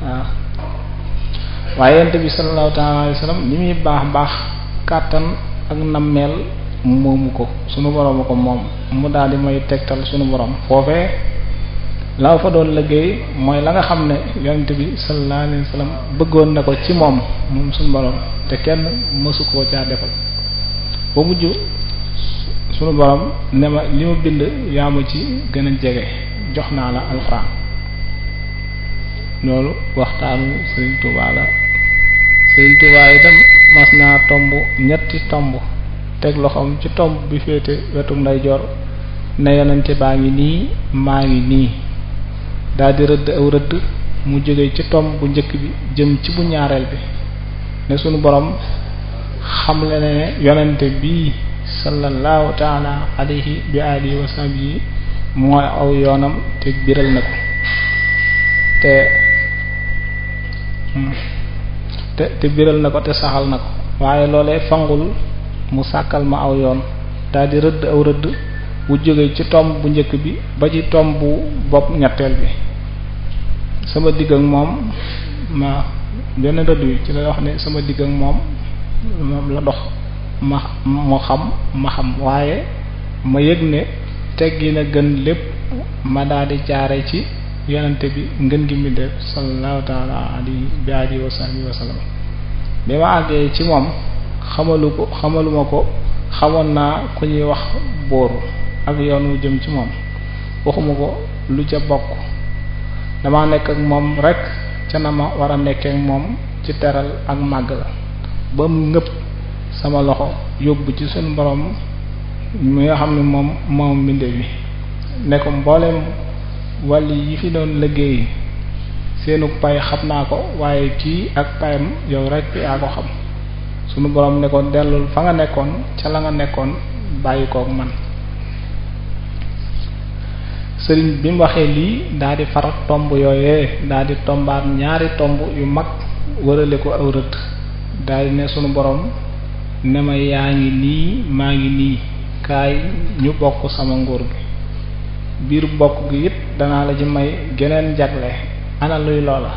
waaw waaye yonent bi sallallahu taala alayhi wa sallam li muy baax baax kàttan ak nammeel moomu ko sunu borom a moom mu daal di may tegtal sunu borom foofee la fa doon liggéey mooy la nga xam ne yonent bi sallallahu alayhi wa sallam bëggoon na ko ci moom moom sunu borom te kenn mësu koo caa defal ba mujj sunu borom ne ma li ma bind yaa ci gën a jege jox naa la alxuraan loolu waxtaanu Sëriñ Tuubaa Sëriñ Tuubaa itam mas naa tomb ñetti tomb teg loxoom ci tomb bi féete wetum ndeyjoor ne yonente baa ngi nii maa ngi nii daldi rëdd aw rëdd mu jóge ci tomb bu njëkk bi jëm ci bu ñaareel bi ne sunu boroom xamle ne yonente bii sallallahu taala alayhi bi alihi wa sahbihi mooy aw yoonam te biral na ko te te te biral na ko te saxal na ko waaye loolee fangul mu sàkkal ma aw yoon daldi rëdd aw rëdd bu jóge ci tomb bu njëkk bi ba ci tomb bu bopp ñetteel bi sama digg ak moom ma benn rëdd yi ci la wax ne sama digg ak moom moom la dox ma xam ma xam waaye ma yëg ne teggi na gën lépp ma daldi jaare ci yonente bi ngën gi mi def sallallahu taala alayhi bi alihi wa bi ma àggee ci moom xamalu ko xamaluma ko xamoon naa ku ñuy wax booru ak yoon wu jëm ci moom waxuma ko lu ca bokk dama nekk ak moom rekk ca na ma war a nekkee moom ci teral ak màgg la ba mu ngëpp sama loxo yóbbu ci suñu borom mi nga xam ne moom moom mbinde bi ne ko mboolem wàllu yi fi doon liggéey seenu pay xam naa ko waaye ci ak payam yow rek yaa ko xam sunu borom ne ko dellul fa nga nekkoon ca la nga nekkoon bàyyi kook man sëriñ bi mu waxee lii daa di far tomb yooyee daa di tombaat ñaari tomb yu mag wërale ko aw rëdd daa di ne sunu borom ne ma yaa ngi nii maa ngi nii kaay ñu bokk sama nguur gi biir bokk gi it danaa la ci may geneen jagle ana luy loola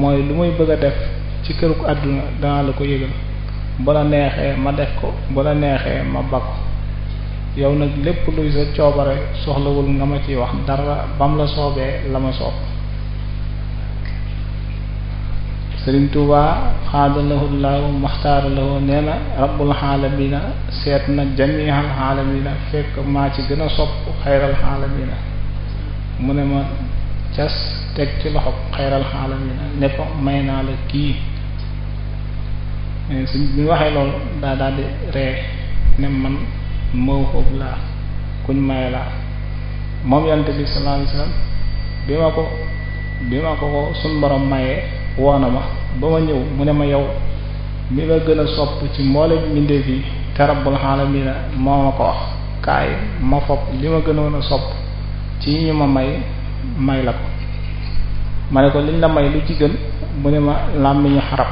mooy lu may bëgg a def ci këruk àdduna dana la ko yëgal ba la neexee ma def ko ba la neexee ma bakko yow nag lépp luy sa coobare soxlawul nga ma ciy wax dara bam la soobee la ma soob sëriñ Tuuba xaadalahu laahu maxtaaralahu nee na rabbul xaalamina seet na jamihal xaalamina fekk maa ci gën a sopp xayral xaalamina mu ne ma cas teg ci loxo xayral xaalamina ne ko may naa la kii eh, suñ bi waxee loolu daa daal di ree ne man maw xoob laa kuñ may laa moom yonte bi sallallahu alayhi wasallam bi ma ko bi ma ko ko suñ borom woo ma ba ma ñëw mu ne ma yow mi ma gën a sopp ci mboolem mbindeef yi te rabbul alamina moo ma ko wax kaay ma fopp li ma gënoon a sopp ci ñu ma may may la ko ma ne ko liñ la may lu ci gën mu ne ma làmmiñu xarab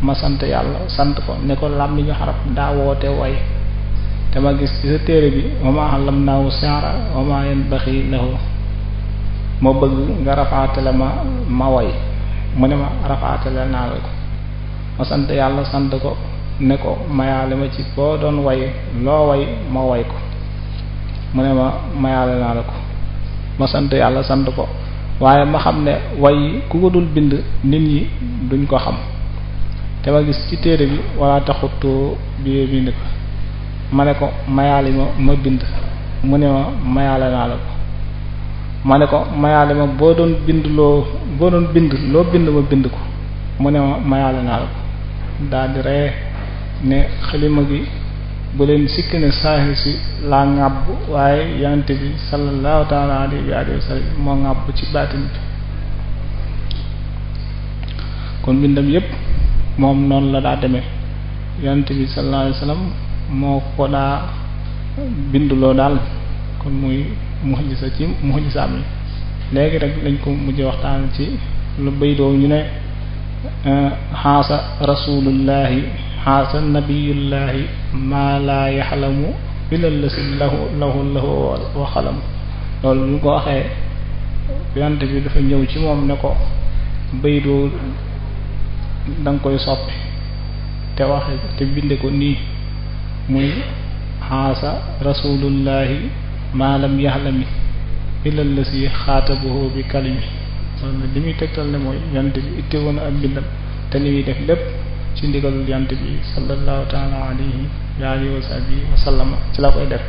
ma sant yàlla sant ko ne ko làmmiñu xarab daa te way te ma gis ci sa téere bi wama allamnaahu si'ra wama yanbaghi lahu ma bëgg nga rafaatale ma ma mu ne ma rafaatale naawe ko ma sant yàlla sant ko ne ko mayaa li ma ci boo doon way loo way ma way ko mu ne ma mayaale naale ko ma sant yàlla sant ko waaye ma xam ne way ku ko dul bind nit ñi duñ ko xam te ma gis ci téere bi wala taxutoo bie bind ko ma ne ko mayaali ma ma bind mu ne ma mayaale naale ko ma ne ko mayaale ma boo doon bind boo doon bind loo bind ma bind ko mu ne ma mayaale naa la ko daldi ree ne xalima gi bu leen sikki ne saaxir si laa ŋàbb waaye yonent bi sallallahu taala alayhi wa sallam moo ŋàbb ci baatin bi kon bindam yépp noonu la daa demee bi sallallahu alayhi wa moo ko binduloo daal kon muy muxjisa ci muxjisaam yi léegi rek lañ ko mujj waxtaan ci lu bay ñu ne eh, xaasa rasulullahi xaasa nabiyullahi maa laa yaxlamu illa lasi lahu lahu lahu wa xalam loolu ñu ko waxee yonent bi dafa ñëw ci moom ne ko bay danga koy soppi te waxe te binde ko nii muy xaasa rasulullahi maalam yaxlami illal la si xaatabahu bi kalimi loolu li muy tegtal ne mooy yant bi itte woon ak mbindam te li muy def lépp ci ndigalul yant bi sallallahu taala alayhi wa alihi wa sahbihi ci la koy def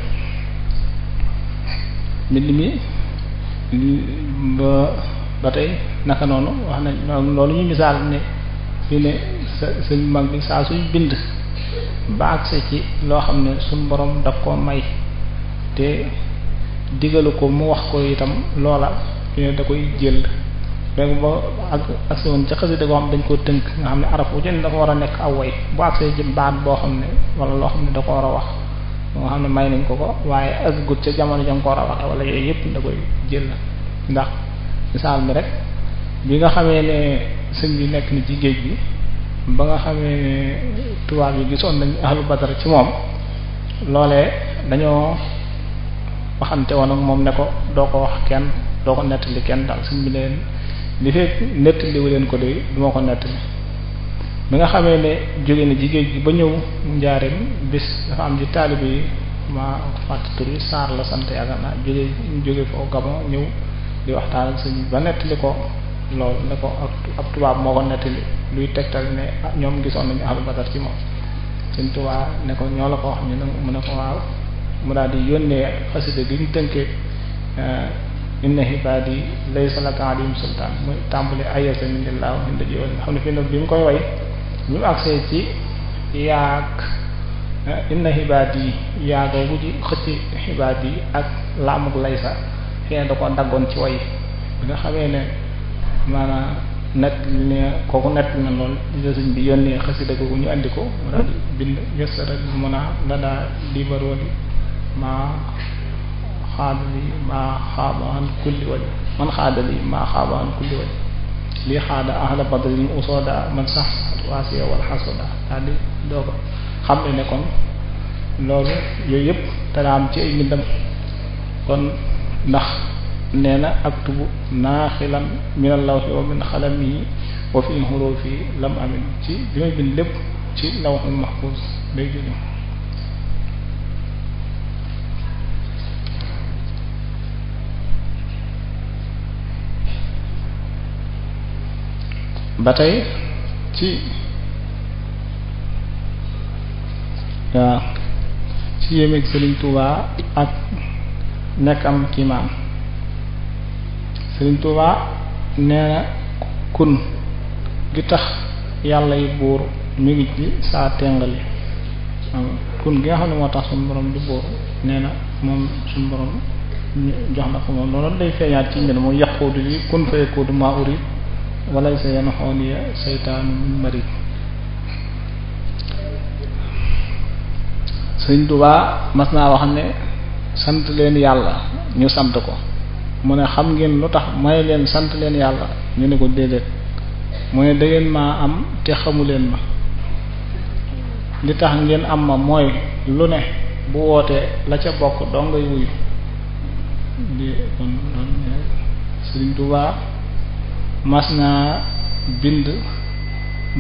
mbind mi ba tey naka noonu wax nañ loolu ñu misaal ne suñ mag saa suñ bind ba agse ci loo xam ne suñ borom daf koo may te digalu ko mu wax ko itam loola da koy jël léegi ba ak ak si woon ca da ko xam dañ koo tënk nga xam ne araf wu jël da war a nekk aw way bu agsee ci baat boo xam ne wala loo xam ne da war a wax nga xam ne may nañ ko ko waaye ëggut ca jamono jam ko war a waxe wala yooyu yëpp da koy jël ndax misaal bi rek bi nga xamee ne sëñ bi nekk ni ci géej bi ba nga xamee ne tubaab yi gisoon nañ ahlu badar ci moom loolee dañoo waxante woon ak moom ne ko doo ko wax kenn doo ko nettali kenn daal suñ bi leen li fekk nettaliwu leen ko de du ma ko nettali bi nga xamee ne jóge na jigéen gi ba ñëw njaareem bis dafa am ci taalibe yi ma fàtte tur bi saar la sant yaakaar naa jóge jóge foo Gabon ñëw di waxtaan ak suñ ba nettali ko loolu ne ko ak ab tubaab moo ko nettali luy tegtal ne ah, ñoom gisoon nañu ahlu badar ci moom suñ tubaab ne ko ñoo la ko wax ne mu ne ko waaw mu daal di yónnee xasida gi ñu tënkee eh, inna ibaadi laysa laka alayhim sultaan mu tàmbali ayasa min illaahu inda jiwal xam ne fi nag bi mu koy way bi mu agsee ci yaag eh, inna ibaadi yaagoo gu ci xëcc ibaadi ak laamug laysa xëy na da ko daggoon ci way bi nga xamee ne maanaam net ne kooku net na lool di sëñ bi yónnee xasida googu ñu andi ko mu bind yasara mën a ladaa liibarooli maa xaada li maa xaaba an kulli waj man xaada li maa xaaba an kulli waj lii xaada ahla badrin usooda man sax waasiya wal xasoda daal di doo ko xam ne ne kon loolu yooyu yëpp dana am ci ay mbindam kon ndax nee na aktubu naaxilan min allawxi wa min xalami wa fi hurufi lam amin ci li may bind lépp ci lawxul mahfuz day jóge ba tey ci waaw ci yéemeeg ak nekk am kiimaan Sëriñ Tuubaa nee na kun gi tax yàlla yi buur mi ngi ci saa tengali kun gi nga xam ne moo tax suñu borom di buur nee na moom su borom jox na ko moom loolu day feeñaat ci mbir mu yaquudu bi kun fa yaquudu maa urid walaysa yanxooni seytaanu min marid sëñ duwaa mas naa wax ne sant leen yàlla ñu sant ko mu ne xam ngeen lu tax may leen sant leen yàlla ñu ne ko déedéet mu ne dangeen maa am te xamu leen ma li tax ngeen am ma mooy lu ne bu wootee la ca bokk doo ngay wuyu di kon masna bind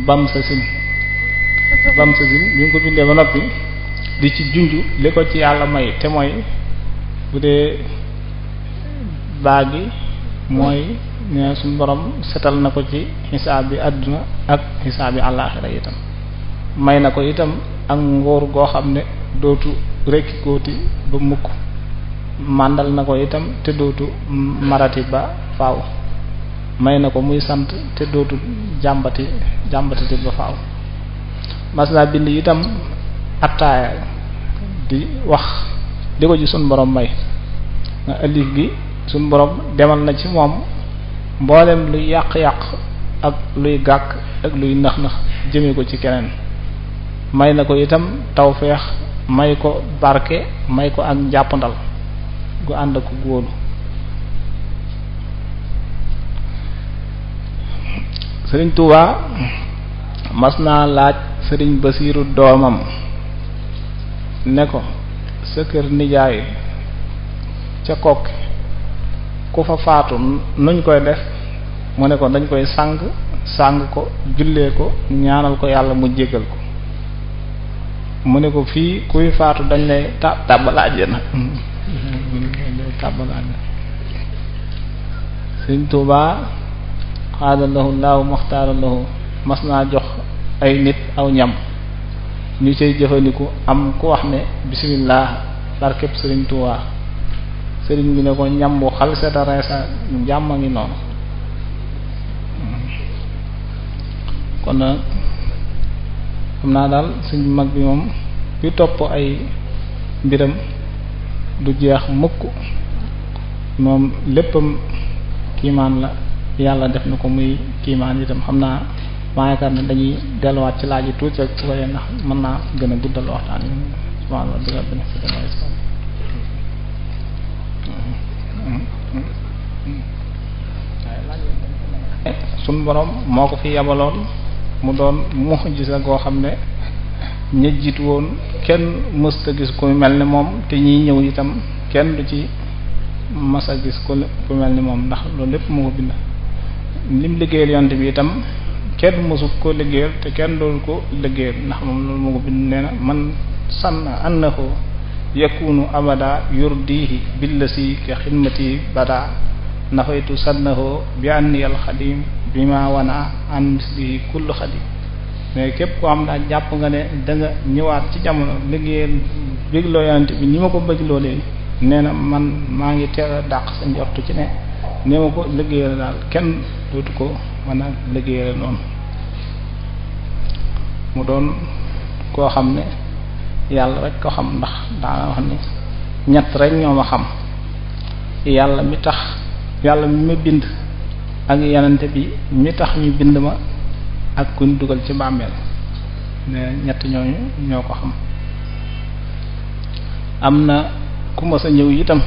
bam sa sin bam sa sin ñu ko bindé ba nopi di ci jundju le ko ci yalla may té moy budé baagi moy né suñu borom sétal nako ci hisab bi aduna ak hisab bi alakhirah itam may nako itam ak ngor go xamné dotu rek koti ba mukk mandal nako itam te dotu marati ba faaw may na ko muy sant te dootul jàmbati jàmbati ba faaw mas bind itam attaaya di wax di ko ji suñ borom may nga alif gi suñ borom demal na ci moom mboolem lu yàq-yàq ak luy gàkk ak luy nax-nax jëme ko ci keneen may na ko itam tawfeex may ko barke may ko ak njàppandal gu ànd ak góolu sëriñ Tuubaa mas naa laaj sëriñ Basiiru doomam ne ko sa kër nijaay ca kokki ku fa faatu nuñ koy def mu ne ko dañ koy sàng sàng ko jullee ko ñaanal ko yàlla mu jéggal ko mu ne ko fii kuy faatu dañ lay ta- tàbbalaaj na sëriñ Tuubaa lahu laaw maxtaaralahu mas naa jox ay nit aw ñam ñu cey jëfëniku am ku wax ne bismillah barkep serigne touba serigne bi ne ko ñam bo xal dara sa njàmm ngi non kon na dal naa mag bi mom yu top ay mbiram du jeex mukk moom léppam la yàlla def na ko muy kiimaan itam xam naa maa yaakaar ne dañuy delluwaat ci laaj yi tuuti rek su ndax mën naa gën a guddal waxtaan yi subhaana rabbika rabbil suñ borom moo ko fi yabaloon mu doon mu'jiza goo xam ne ña jiitu woon kenn mësta gis ku mel ni moom te ñuy ñëw itam kenn du ci masa gis ku ku mel ni moom ndax loolu lépp moo ko bind lim liggéeyal yonent bi itam kenn mësu ko liggéeyal te kenn doolu ko liggéeyal ndax moom loolu moo ko nee na man sanna annahu yakunu abada yurdihi billasi ka xidmati bada nafaytu sannahu bi anniyal xadim bi ma wana an mislihi képp koo xam daa jàpp nga ne da ñëwaat ci jamono liggéeyal bi ñi ma ko bégloo nee na man maa ngi teel a dàq sa njort ci ne nee ma ko liggéeyal daal kenn dootu ko mën a liggéeyal noonu mu doon koo xam ne yàlla rek ko xam ndax daana wax ni ñett rek ñoo ma xam yàlla mi tax yàlla mi ma bind ak yonent bi mi tax ñu bind ma ak kuñ dugal ci bàmmeel ne ñett ñooñu ñoo ko xam am na ku ma sa ñëw itam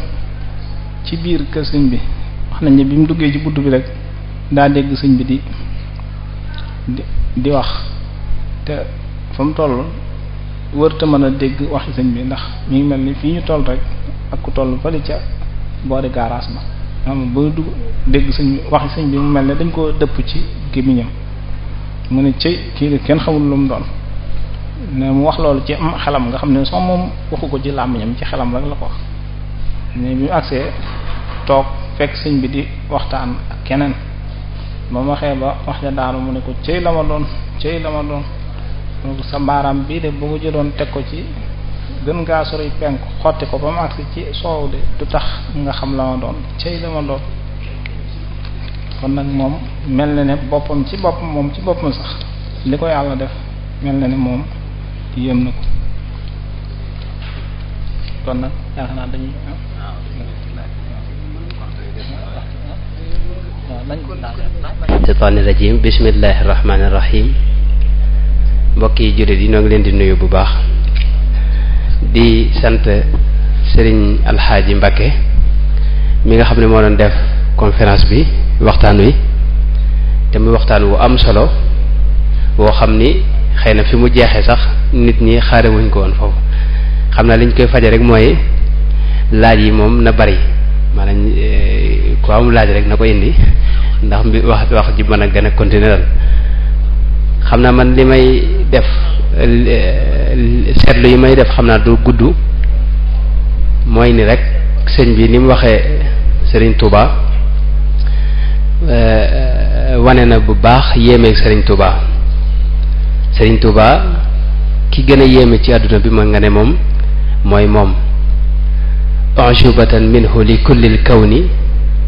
ci biir kër bi wax nañ ne bi mu duggee ci budd bi rek daa dégg sëñ bi di di wax te fa mu toll wërta mën a dégg waxi sëñ bi ndax mi ngi mel ni fii ñu toll rek ak ku toll fële ca boori garage ba xam du dégg sëñ bi sëñ bi mu mel ne dañ koo dëpp ci gémmiñam mu ne cëy kii de kenn xamul lu doon ne wax loolu ci am xelam nga xam ne soo moom waxu ko ci làmmiñam ci xelam rek la ko wax ne bi mu agsee toog fekk sëñ bi di waxtaan keneen ba mu waxee ba wax ja daanu mu ne ko cëy la ma doon cëy la ma doon mu sa mbaaraam bii de bu ko jëloon teg ko ci gën ngaa sori penk xotti ko ba mu ci soow de du tax nga xam la ma doon cëy la ma doon kon nag moom mel na ne boppam ci boppam moom ci boppam sax li ko yàlla def mel na ne moom yéem na ko kon nag yaakaar naa dañuy sheytaani rajim bismillahi rahmaani rahim mbokk yi jullit yi ñoo ngi leen di nuyu bu baax di sant sëriñ alxaaji Mbakke mi nga xam ne moo doon def conférence bi waxtaan wi te muy waxtaan wu am solo woo xam ni xëy na fi mu jeexee sax nit ñi xaare wuñ ko woon foofu xam naa liñ koy faje rek mooy laaj yi moom na bari maanaam eh, ku am laaj rek na ko indi ndax mbi wax wax ji mën a gën a continuer xam naa man li may def seetlu yi may def xam naa du gudd mooy ni rek sëñ bi ni mu waxee Serigne Touba wane na bu baax yéemeeg Serigne Touba Serigne Touba ki gën a yéeme ci àdduna bi ma nga ne moom mooy moom ujubatan minhu li kulli l kawni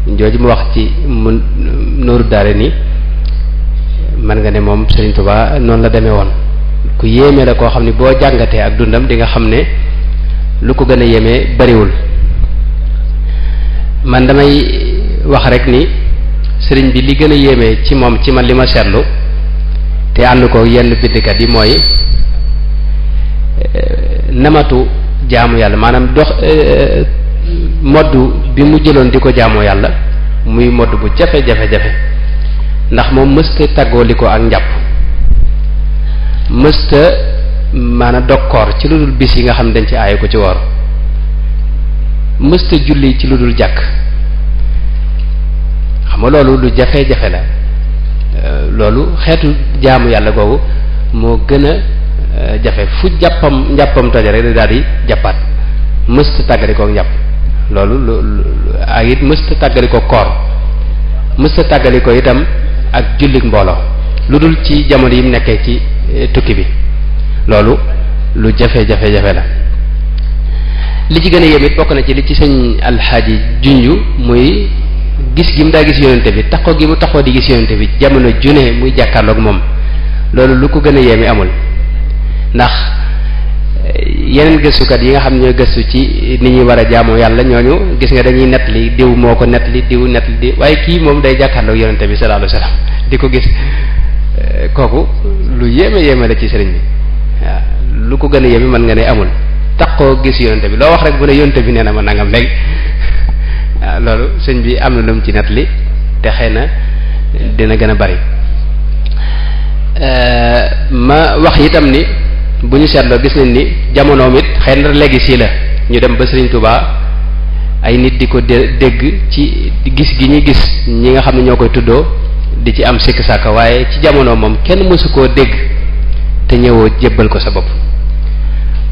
jooju mu wax ci mu nooru daare ni mën nga ne moom Serigne Touba noonu la demee woon ku yéeme la koo xam ne boo jàngatee ak dundam di nga xam ne lu ko gën a yéeme bariwul man damay wax rek ni sëriñ bi li gën a yéeme ci moom ci man li ma seetlu te ànd ko yenn bindkat yi mooy eh, namatu jaamu yàlla maanaam dox eh, modd bi mu jëloon di ko jaamoo yàlla muy modd bu jafe-jafe-jafe ndax moom mësta tàggoo li ko ak njàpp mësta maanaam dog ci lu dul bis yi nga xam dañ ci aaye ko ci woor mësta julli ci lu dul jàkk xam nga loolu lu jafe-jafe la euh, loolu xeetu jaamu yàlla googu moo gën a euh, jafe fu jàppam njàppam toje rek da daal di jàppaat mësta tàggali ko njàpp loolu lu ak it mësta tàggali ko koor mësta tàggali ko itam ak jullit mbooloo lu dul ci jamono yim nekkee ci eh, tukki bi loolu lu jafe-jafe jafe la li ci gën a yem it na ci li ci sëñ alxaaji junju muy gis gi mu daa gis yonente bi taxoo gi mu taxoo di gis yonente bi jamono junne muy jàkkaarloog moom loolu lu ko gën a yéeme amul ndax yeneen gëstukat yi nga xam ñoo gëstu ci ni ñuy war a jaamoo yàlla ñoo ñu gis nga dañuy net li diw moo ko net li diw net li di waaye kii moom day jàkkaarloo yonente bi sallallahu alayhi di ko gis eh, kooku lu yéeme yéeme la ci sëriñ ko gën a yéeme mën nga ne amul taxoo gis yonente bi loo wax rek bu ne yonente bi nee na ma nangam léegi loolu sëñ bi am na lu ci net li te xëy na dina gën a bari eh, ma wax itam ni bu ñu seetloo gis nañ ni jamonoom it xëy na léegi sii la ñu dem ba Serigne Touba ay nit di ko dégg ci gis gi ñu gis ñi nga xam ne ñoo koy tuddoo di ci am sikk sàkk waaye ci jamono moom kenn mësu koo dégg te ñëwoo jébbal ko sa bopp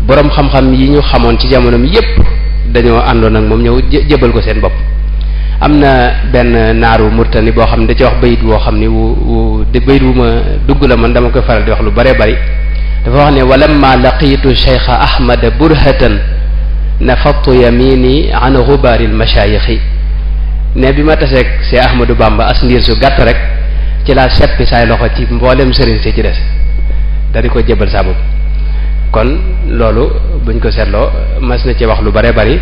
boroom xam-xam yi ñu xamoon ci jamonoom yépp dañoo àndoon ak moom ñëw jébbal ko seen bopp am na benn naaru murtani boo xam ne da ci wax bayit woo xam ni wu wu bayit wu ma dugg la man dama koy faral di wax lu bare bari dafa wax ne walamma laqiitu cheikha ahmada burhatan nafattu yamini an xubaari lmashaayixi ne bi ma tasee see ahmadou bamba as ndiir su gàtt rek ci laa seppi saay loxo ci mboolem sëriñ si ci des da ko jëbal saa bopp kon loolu buñ ko seetloo mas na ci wax lu bare bari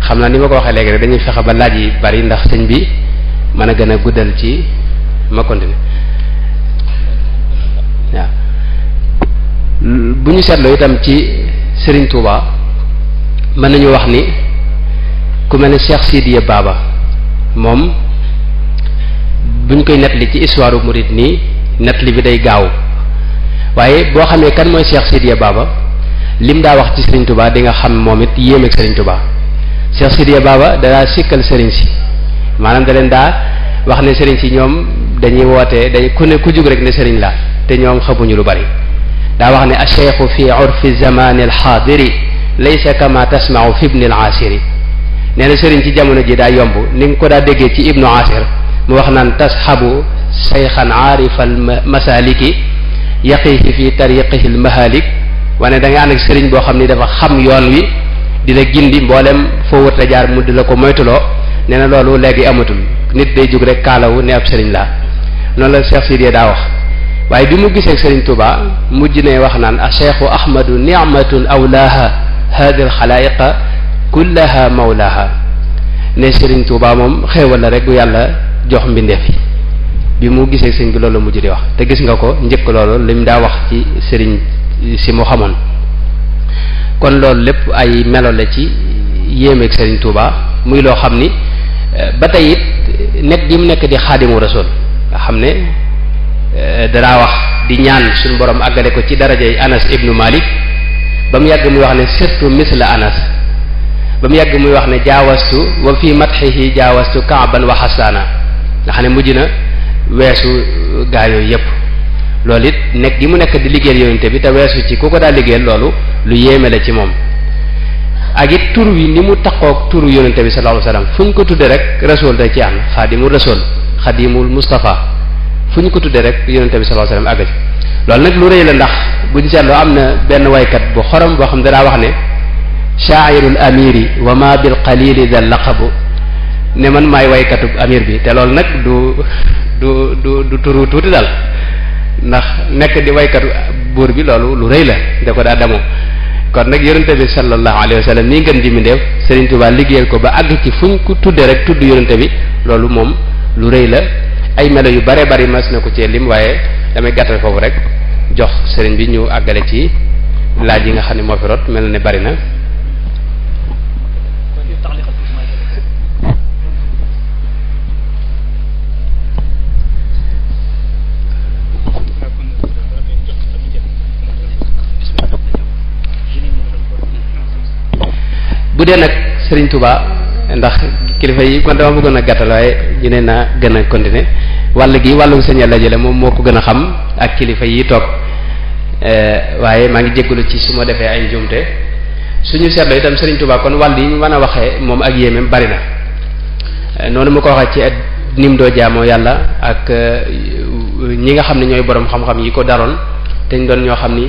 xam na ni ma ko waxee léegi rek dañuy fexe ba laaj yi bari ndax sëñ bi mën a gën a guddal ci ma continuer bu ñu seetloo itam ci sëriñ Touba mën nañu wax ni ku mel ne Cheikh Sidiya baaba moom bu ñu koy nettali ci histoire murid nii nettali bi day gaaw waaye boo xamee kan mooy Cheikh Sidiya Baba lim daa wax ci Serigne Touba di nga xam moom it yéem ak Serigne Touba Cheikh Sidiya Baba danaa sikkal sëriñ si maanaam da daa wax ne sëriñ si ñoom dañuy woote dañ ku ne ku jug rek ne sëriñ la te ñoom xamuñu lu bari. دعواني الشيخ في عرف الزمان الحاضر ليس كما تسمع في ابن العاصر نانا سيرين تي جامونو جي دا يومبو نين كو دا ديغي تي ابن عاصر مو وخنا تسحب شيخا عارف المسالك يقيه في طريقه المهالك وانا دا نغي اندك سيرين بو خامني دا فا خام يون وي ديلا جيندي مبولم فو تجار مود لاكو مويتلو نانا لولو لغي اماتول نيت داي جوغ رك كالاو نياب سيرين لا نون لا شيخ سيدي دا وخ waaye bi mu gisee sëriñ Touba mujj ne wax naan a cheikhu ahmadu nicmatun awlaaha hadi alxalaayiqa kullaha mawlaaha ne Serigne Touba moom xéewal la rek gu yàlla jox mbindeef yi bi mu gisee sëñ bi loolu mujj di wax te gis nga ko njëkk loolu lim daa wax ci sëriñ si mu xamoon kon loolu lépp ay melo la ci yéemeeg sëriñ Touba muy loo xam ni eh, ba tey nekk gi mu nekk di xaadimu rasul nga xam ne Eh, danaa wax di ñaan suñu borom àggale ko ci darajay anas ibnu malik ba mu yàgg muy wax ne sirtu misla anas ba mu yàgg muy wax ne jaawastu wa fi matxihi jaawastu kaaban wa xasaana nga xam ne mujj na weesu eh, gaa yooyu yépp loolu it nekk gi mu nekk di liggéeyal yonente bi te weesu ci ku ko daa liggéeyal loolu lu yéeme la ci moom ak it tur wi ni mu taqoog turu yonente bi sallallahu alayhi wasallam fu ñu ko tudde rek rasul da ci am xaadimul rasul xadimul mustafa fu ñu ko tuddee rek yonente bi sallallahu alayhi wasallam àgg ci loolu nag lu rëy la ndax bu ñu seetloo am na benn waykat bu xorom boo xam ne daa wax ne sha'irul amiri wa ma bil qalili dal laqabu ne man maay waykatub amir bi te loolu nag du du du du turu tuuti daal ndax nekk di waykatu buur bi loolu lu rëy la da ko daa demoo kon nag yonente bi sallallahu alayhi wa sallam nii ngeen ji mindeef Serigne Touba liggéeyal ko ba àgg ci fuñ ko tuddee rek tudd yonente bi loolu moom lu rëy la ay melo yu bare bare mas na ko cee lim waye damay gàttal fofu rek jox serigne bi ñu agalé ci laaj yi nga xamni mo fi rot melni ne bari na budé nak serigne Touba ndax kilifa yi kon dama bëggoon a gàttal waaye ñu ne naa gën a continuer wàll gi wàllu sëñ Alaji la moom moo ko gën a xam ak kilifa yi toog eh, waaye maa ngi jégalu ci su ma defee ay njuumte suñu seetloo itam Serigne Touba kon wàll yi ñu mën a waxee moom ak yéemeem bari na eh, noonu mu ko waxee ci ak nim doo jaamoo yàlla ak eh, ñi nga xam ne ñooy boroom xam-xam yi ko daroon te ñu doon ñoo xam ni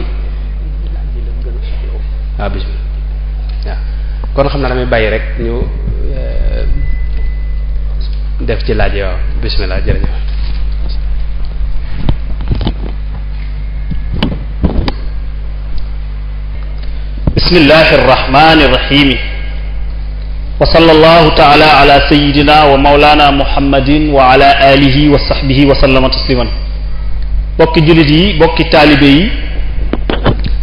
ah, waaw bismillah kon xam naa damay bàyyi rek def ci laaj yow bismillah jërëjëf بسم الله الرحمن الرحيم وصلى الله تعالى على سيدنا ومولانا محمد وعلى آله وصحبه وسلم تسليما bokki jullit yi bokki taalibe yi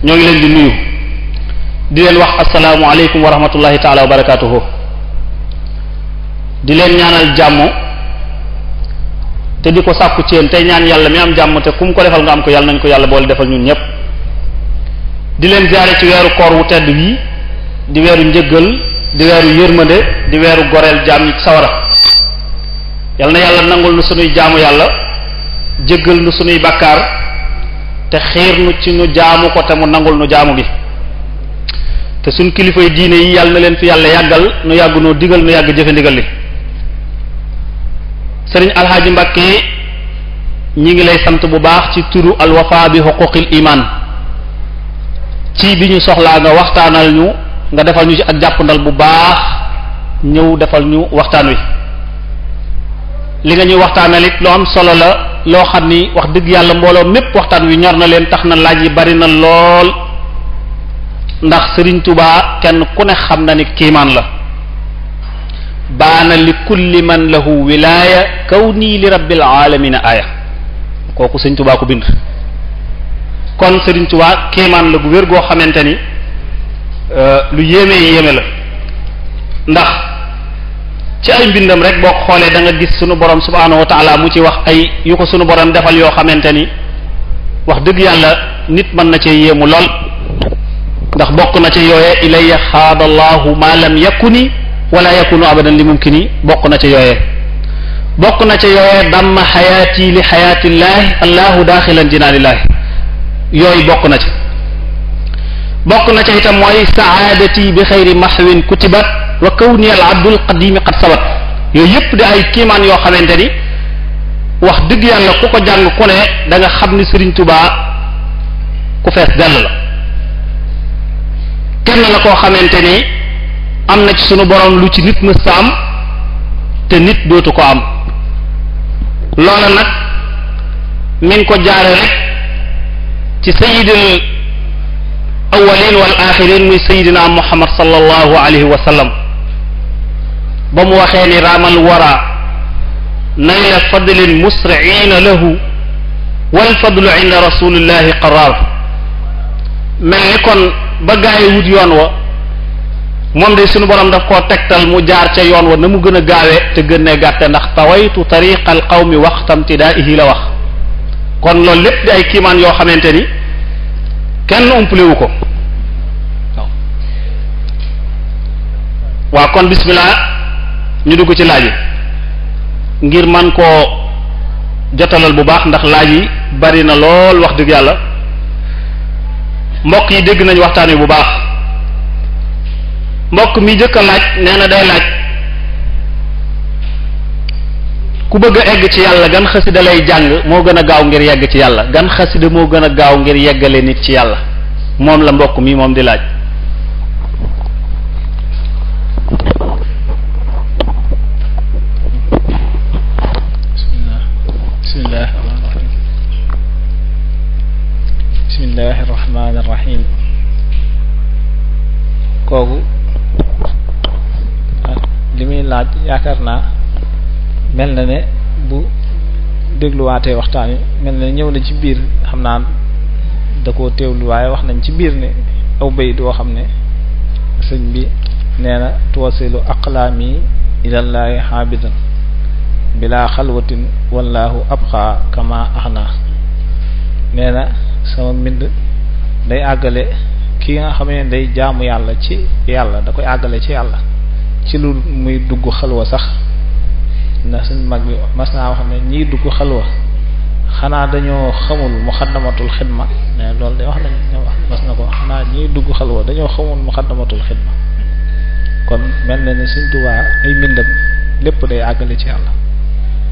ñoo ngi leen di nuyu di leen wax asalaamualeykum wa rahmatullahi taala wa barakatuhu di leen ñaanal jàmm te di ko sàkku ci yéen tey ñaan yàlla mi am jàmm te ku mu ko defal nga am ko yàlla nañ ko yàlla boole defal ñun ñëpp di leen jaare ci weeru koor wu tedd wi di weeru njëggal di weeru yërmande di weeru goreel jaam ñi sawara yal na yàlla nangul nu sunuy jaamu yàlla jéggal nu sunuy bàkkaar te xiir nu ci nu jaamu ko te mu nangul nu jaamu bi te suñ kilifa yi diine yi yàlla na leen fi yàlla yàggal nu yàgg noo digal nu yàgg jëfe ndigal sëriñ alxaaji Mbàkke ñi ngi lay sant bu baax ci turu alwafa bi xuquqil imaan ci bi ñu soxlaa nga waxtaanal ñu nga defal ñu ci ak jàppandal bu baax ñëw defal ñu waxtaan wi li nga ñuy waxtaanal it loo am solo la loo xam ni wax dëgg yàlla mbooloo mépp waxtaan wi ñor na leen tax na laaj yi bari na lool ndax sëriñ Tuubaa kenn ku ne xam na ni kiimaan la baana li kulli man lahu wilaaya kaw nii li rabbil aalamina aaya kooku sëñ tubaa bind kon sëriñ tubaa kéemaan la gu wér goo xamante ni euh, lu yéeme yéeme la ndax ci ay mbindam rek boo xoolee danga gis sunu borom subhaanahu wa taala mu ci wax ay yu ko sunu borom defal yoo xamante ni wax dëgg yàlla nit mën na cee yéemu lool ndax bokk na ci yooye ilayya xaadallahu ma lam ni ولا يكون ابدا لممكن بوكنا تي يوي بوكنا تي يوي دم حياتي لحياه الله الله داخلا جنان الله يوي بوكنا تي بوكنا تي تا موي سعادتي بخير محو كتبت وكوني العبد القديم قد ثبت يوي ييب دي اي كيمان يو خامتاني واخ دغ يالا كوكو جانغ كوني داغا خامني سيرن توبا كو فاس دال لا كين لا كو خامتاني am ci sunu borom lu ci nit mësta am te nit dootu ko am loolu nag mi ngi ko jaare rek ci sayyidul awwalin wal axirin muy sayyidina muhammad sallallahu alayhi wa sallam ba mu waxee ni raamal wara nayla fadlin musriina lahu wal fadlu inda rasulillahi qaraar mel ni kon ba gaay wut yoon wa moom de suñu borom daf koo tegtal mu jaar ca yoon wa na mu gën a gaawee te gën a gàtte ndax tawaytu tariqa al qawmi waxtamtidaihi la wax kon lool lépp di ay kiimaan yoo xamante ni kenn umplewu ko waaw waaw kon bismillah ñu dugg ci laaj yi ngir man koo jotalal bu baax ndax laaj yi bari na lool wax dëgg yàlla mbokk yi dégg nañu waxtaan wi bu baax mbokk mi jëkk a laaj nee na day laaj ku bëgg egg ci yàlla gan xasida lay jàng moo gën a gaaw ngir yegg ci yàlla gan xasida moo gën a gaaw ngir yeggale nit ci yàlla moom la mbokk mi moom di laaj bismillah kooku li muy laaj yaakaar naa mel na ne bu dégluwaatee waxtaan wi mel na ñëw na ci biir xam naa da koo teewlu waaye wax nañ ci biir ne aw bayit woo xam ne sëñ bi nee na tuwasilu aqlaami ilallaahi xaabidan bilaa xalwatin wallaahu abqa kama axna nee na sama mbind day àggale ki nga xam ne day jaamu yàlla ci yàlla da koy àggale ci yàlla ci lu muy dugg xalwa sax ndax suñ mag bi mas naa wax ne ñiy dugg xalwa xanaa dañoo xamul muxaddamatul xidma ne loolu de wax nañ wax mas na ko xanaa dugg xalwa dañoo xamul muxaddamatul xidma kon mel na ne suñ tubaa ay lépp day àggale ci yàlla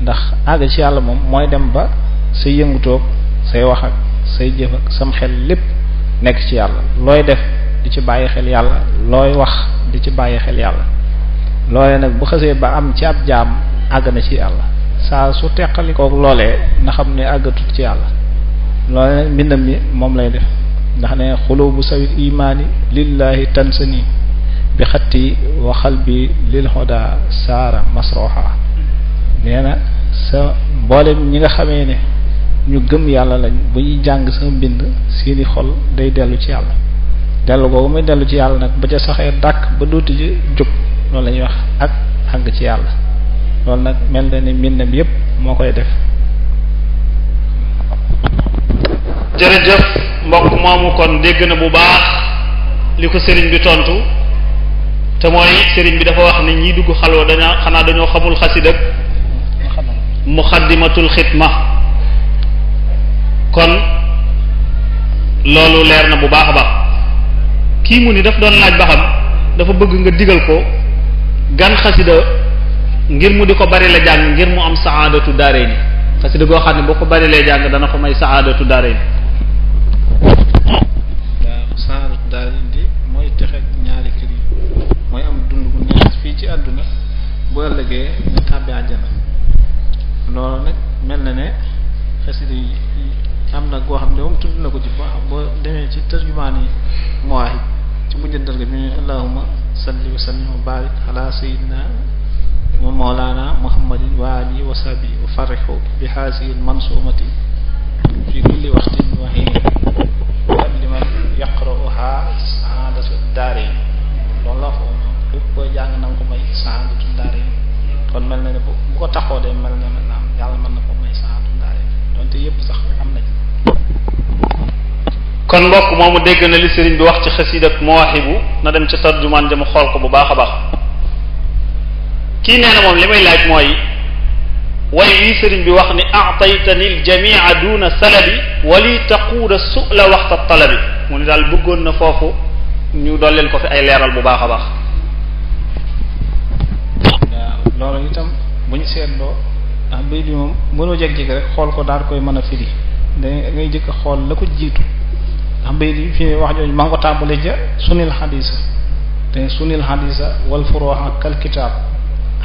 ndax àgg ci yàlla moom mooy dem ba say yëngutoog say wax ak say jëf sam xel lépp nekk ci yàlla looy def di ci bàyyi xel yàlla looy wax di ci bàyyi xel yàlla loolee nag bu xasee ba am ci ab jaam àgg na ci yàlla saa su teqali kook loolee na xam ne àggatut ci yàlla loolee nag mbindam mi moom lay def ndax ne xulubu sawit imaani lillahi tansani bi xatti wa bi lil huda saara masroha nee na sa mboolem ñi nga xamee ne ñu gëm yàlla lañ bu ñuy jàng sa mbind seeni xol day dellu ci yàlla dellu googu muy dellu ci yàlla nag ba ca saxee dàkk ba ji loolu lañuy wax ak àgg ci yàlla loolu nag mel na ni mbindam yépp moo koy def jërëjëf mbokk moomu kon dégg na bu baax li ko sëriñ bi tontu te mooy sëriñ bi dafa wax ni ñiy dugg xalwa dañaa xanaa dañoo xamul mu ak muxaddimatul ma kon loolu leer na bu baax a baax kii mu ni daf doon laaj ba xam dafa bëgg nga digal ko gan xasida ngir mu di ko bari la jàng ngir mu am saadatu daaree ni xasida goo xam ne boo ko bari lee jàng dana ko may saadatu daaree ni waaw saadatu daaree ni mooy texe ñaari kër yi mooy am dund bu neex fii ci àdduna bu ëllëgee nga tàbbi àjjana loolu nag mel na ne xasida yi am na goo xam ne moom tudd na ko ci boo demee ci tërjumaan yi mu waay مجدد من اللهم صل وسلم وبارك على سيدنا ومولانا محمد وعلي وصحبه وفرحوا بهذه المنصومة في كل وقت وحين قبل من يقرأها سعادة الدارين لولا فهم بكو جانا نمكم أي سعادة الدارين كون ملنا بكو تخوضي ملنا ملنا يعلم أنكم أي سعادة الدارين دونتي يبزخ أمنا جدا kon mbokk momu dégg na li serigne bi wax ci xasiid ak mawaahibu na dem ci tarjuman ja xol ko bu baakha bax ki neena mom limay laaj moy way wi serigne bi wax ni ataytani aljamia duna salabi wa li taquuda sula waqta talabi mu ne daal bëggoon na fofu ñu dolel ko fi ay leral bu baakha bax baax waaw itam buñu ñu seetloo ndax bay bi mom mëno jeg jeg-jeg rek xol ko daal koy mëna a firi ngay jëkk xol la ko jitu am bay li fi wax jooju maa ngi ko tàmbale ja sunil xadisa te sunil xadisa wal furuha kal kitaab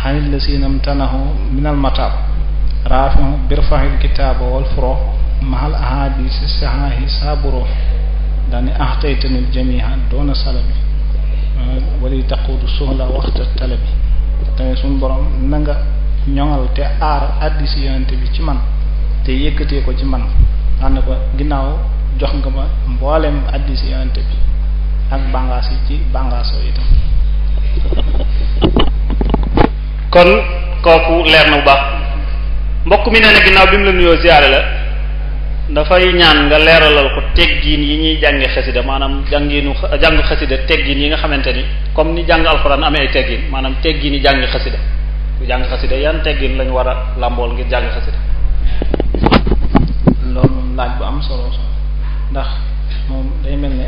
xanit la siinam tanahu minal mataab raafihu birfahil kitaaba wal furuh mahal ahadisi sahahi saburo daani axtaytanil jamiha doona salabi wali taqudu suhla waxta talabi te suñ borom na ñoŋal te aar addisi yonente bi ci man te yëkkatee ko ci man ànd ko ginnaaw jox nga ma mboolem addis yonente bi ak bàngaas yi ci bàngaasoo itam kon kooku leer na bu baax mbokk mi nee na ginnaaw bi mu la nuyoo ziyaare la dafay ñaan nga leeralal ko teggiin yi ñuy jànge xasida maanaam jàngiinu jàng xasida teggiin yi nga xamante ni comme ni jàng alxuraan amee ay teggiin maanaam teggiin yi jàng xasida ku jàng xasida yan teggiin lañu war a làmbool ngir jàng xasida loolu moom laaj bu am solo ndax moom day mel ne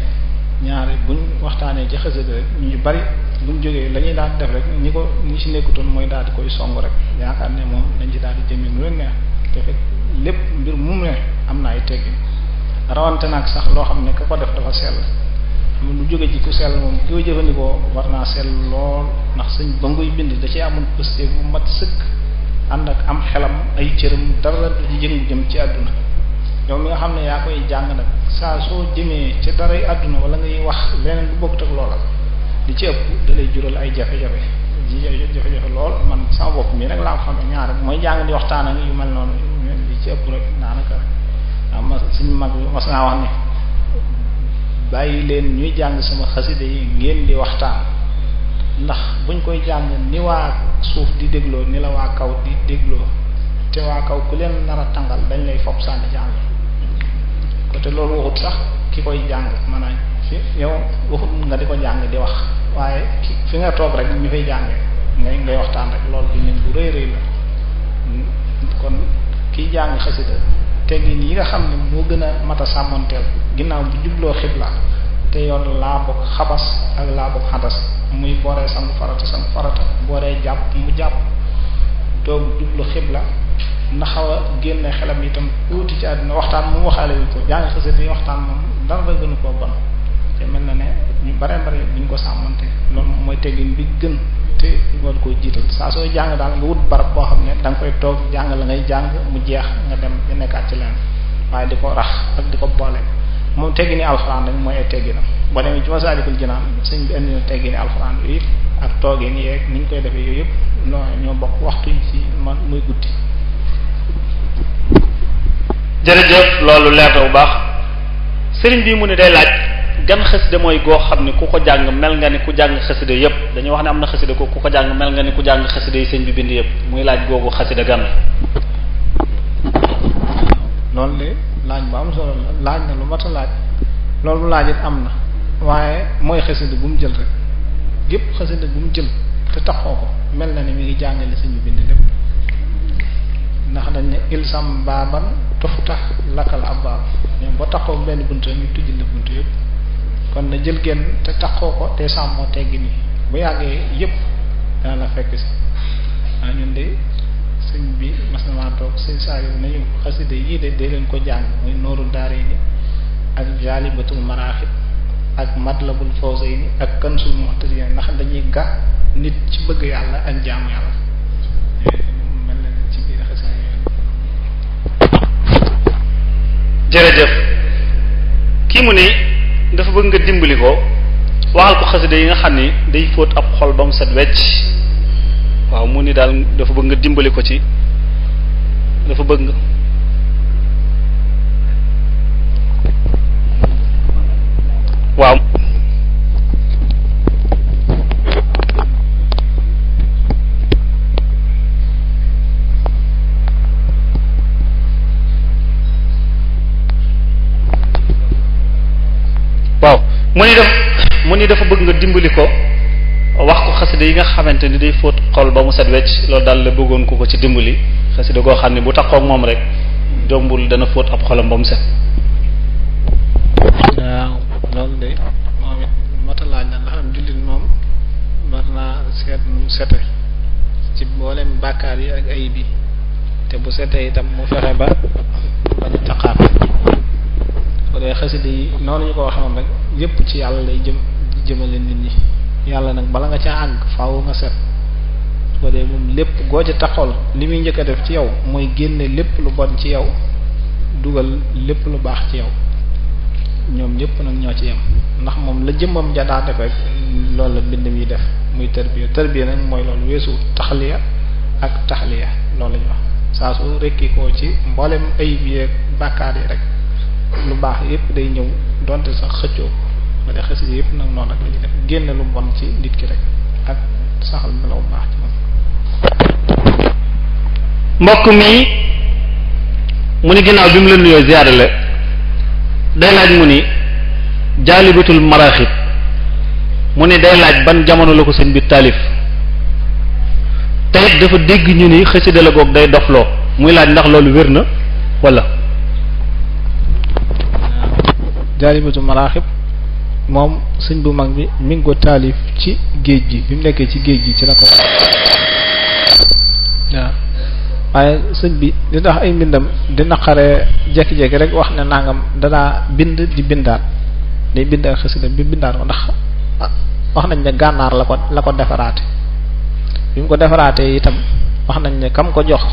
ñaare buñ waxtaanee ci xasida rek ñu bari buñ jógee lañuy ñuy daal def rek ñi ko ñi ci nekkutoon mooy daal koy song rek yaakaar ne moom dañu ci daal di jëmee nu leen neex lépp mbir mu am na ay teggin rawante nag sax loo xam ne ka def dafa sell xam jóge ci ku sell moom ki jëfandikoo war naa sell lool ndax sëñ ba bind da cee amoon pëste bu mat sëkk ànd ak am xelam ay cëram dara du ci jëngu jëm ci àdduna yow mi nga xam ne yaa koy jàng nag saa soo jëmee ci daray àdduna wala ngay wax leneen lu bokkut ak loola li ci ëpp da lay jural ay jafe-jafe ji jafe lool man sama bopp mii rek laa xam ne ñaar rek mooy jàng di waxtaan ak yu mel noonu li ci ëpp rek naanaka suñu mag mas naa wax ne bàyyi leen ñuy jàng sama xasida yi ngeen di waxtaan ndax buñ koy jàng ni waa suuf di dégloo ni la waa kaw di dégloo te waa kaw ku leen nar a tàngal dañ lay fob sànni jàng ko te loolu waxut sax ki koy jàng maanaam fi yow waxut nga di jàng di wax waaye fi nga toog rek ñu fay jàng ngay ngay waxtaan rek loolu di bu rëy rëy la kon kiy jàng xasida teggin yi nga xam ne moo gën a mat a sàmmanteel ginnaaw bu jubloo xibla te yoon laa bokk xabas ak laa bokk xadas muy booree sangu farata sangu farata booree jàpp mu jàpp toog jublu xibla na xawa a génne xelam itam tuuti ci àdduna waxtaan mu waxaale yu ko jàng xasida yi waxtaan moom dara ba gënu koo bon te mel na ne ñu bare bare bu ñu ko sàmmante loolu mooy teggin bi gën te war koo jiital saa sooy jàng daal nga wut barab boo xam ne da toog jàng la ngay jàng mu jeex nga dem di ci leen waaye di ko rax ak di ko boole moom teggini alxuraan rek mooy ay tegginam boo demee ci Masaalikul Jinaan sëñ bi indi na teggini alxuraan yooyu ak toogin yeeg ni ñu koy defee yooyu yëpp noo ñoo bokk waxtu yi ci man muy guddi jërëjëf loolu leer bu baax sëriñ bii mu ne day laaj gan xasida mooy goo xam ne ku ko jàng mel nga ni ku jàng xasida yëpp dañuy wax ne am na xasida ko ku ko jàng mel nga ni ku jàng xasida yi sëñ bi bind yëpp muy laaj googu xasida gan la loolu de laaj bu am solo la laaj na lu mat a laaj loolu mu laaj it am na waaye mooy xasida bu mu jël rek gépp xasida bu mu jël te taxoo ko mel na ni mi ngi jàngale sëñ bi bind lépp ndax dañu ne ilsam baaban tuftax lakkal ab baab ñoom boo taxoo benn bunt ñu tijji la bunt yëpp kon na jël génn te taxoo ko te sàmmoo teggi nii bu yàggee yëpp dana la fekk si waaw ah, ñun sëñ bi mas na maa toog sëñ saa yi nañu xasida yii de dee leen ko jàng muy nooru daaree ni ak jaalibatul maraaxib ak matlabul fawzayni ak kansul muhtajin ndax dañuy ga nit ci bëgg yàlla ak jaamu yàlla jërëjëf kii mu ne dafa bëgg nga dimbali ko waxal ko xasida yi nga xam ni day fóot ab xol ba mu set wecc waaw mu ni daal dafa bëgg nga dimbali ko ci dafa bëgg nga waaw waaw mu ni def mu ni dafa bëgg nga dimbali ko wax ko xasida yi nga xamante ni day fóot xol ba mu set wecc loolu daal la bëggoon ku ko ci dimbali xasida koo xam ne bu taxoo moom rek jombul dana fóot ab xolam ba mu set. laaj na ndax moom war naa seet mu sete ci mboolem bàkkaar yi ak ayib yi te bu setee itam mu fexe ba bañ a taqaar bu dee xasida yi noonu ñu ko waxoon rek yépp ci yàlla lay jëm jëmale nit ñi yàlla nag bala nga ca àgg faw nga set bu dee moom lépp goo ci taxool li muy njëkk a def ci yow mooy génne lépp lu bon ci yow dugal lépp lu baax ci yow ñoom ñépp nag ñoo ci yem ndax moom la jëmmam ja daa def loolu la mbind mi def muy tarbiya tarbiya nag mooy loolu weesu taxliya ak taxliya loolu la ñu saa su rekki koo ci mboolem ayib yeeg bàkkaar yi rek lu baax yépp day ñëw donte sax xëccoo ko nga xasida nag noonu rek la ci rek ak saxal mbokk mi mu ni ginnaaw bi mu la nuyoo ziarale day laaj mu ni jaalibatul maraxib mu ni day laaj ban jamono la ko sëñ bi taalif te dafa dégg ñu ni xasida la goog day dofloo muy laaj ndax loolu wér na wala jaalibatu maraaxib moom sëñ bu mag bi mi ngi ko taalif ci géej gi bi mu nekkee ci géej gi ci la ko waaye sëñ bi li tax ay mbindam di naqaree jekki-jekki rek wax ne nangam dana bind di bindaat day bind ak bi bindaat ko ndax wax nañ ne gànnaar la ko la ko defaraate bi mu ko defaraatee itam wax nañ ne kam ko jox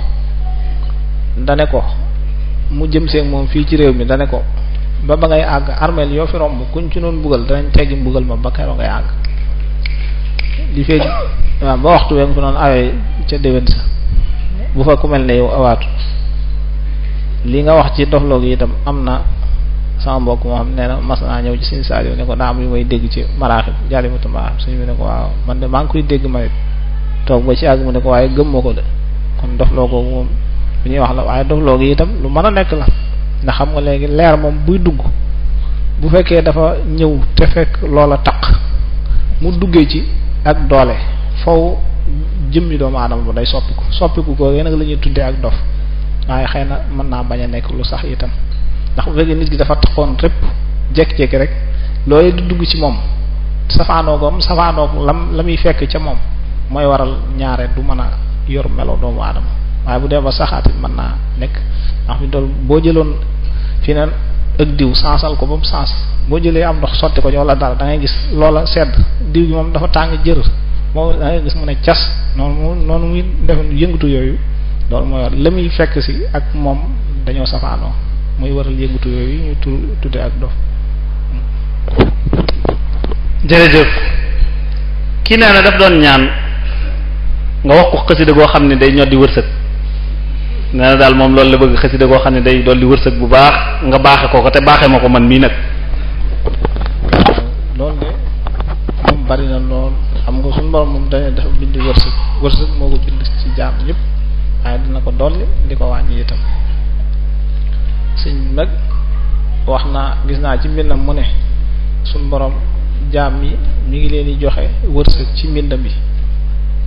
dane ko mu jëm seeg moom fii ci réew mi dane ko ba ba ngay àgg armeel yoo fi romb kuñ ci noonu bugal danañ teggi bugal ma ba keroog ngay àgg li fee waaw ba waxtu wee nga fi noonu awee ca déwén sa bu fa ku mel ne yow awaatu li nga wax ci dofloog yi itam am na sama mbokk moo xam nee na mas naa ñëw ci suñu saal ne ko daa am yu may dégg ci maraaxib jaalimatu maraaxib suñu bi ne ko waaw man de maa ngi koy dégg manit toog ba ci àgg mu ne ko waaye gëm ma ko de kon dofloo ko moom bu ñuy wax la waaye dofloo gi itam lu mën a nekk la nga xam nga léegi leer moom buy dugg bu fekkee dafa ñëw te fekk loola taq mu duggee ci ak doole faw jëmmi doomu aadama ba day soppiku soppiku ko nag la ñuy tuddee ak dof waaye xëy na mën naa bañ a nekk lu sax itam ndax bu fekkee nit ki dafa taxoon répp jekki-jekki rek loolee di dugg ci moom safaanoo ko safaanoo lam la muy fekk ca moom mooy waral ñaare du mën a yor melo doomu aadama waaye bu dee ba saxaatit mën naa nekk ndax mi boo jëloon fi naan ak diw sansal ko ba mu sans boo jëlee am ndox sotti ko ci la dara dangay gis loola sedd diw gi moom dafa tàng jër moom da ngay gis mu ne cas noonu mu noonu muy def yëngatu yooyu loolu mooy war la muy fekk si ak moom dañoo safaanoo muy waral yëngatu yooyu ñu tudde ak dof jërëjëf kii nee daf doon ñaan nga wax ko xasida goo xam ne day ñoo di wërsëg nee na daal moom loolu la bëgg xasida koo xam ne day dolli wërsëg bu baax nga baaxe ko ko te baaxee ma ko man mii nag. loolu de moom bari na lool xam nga su borom moom dañuy def bind wërsëg wërsëg moo ko bind ci jaam yëpp waaye dina ko dolli di ko wàññi itam sëñ nag wax naa gis naa ci mbindam mu ne suñu borom jaam yi mu ngi leen di joxe wërsëg ci mbindam yi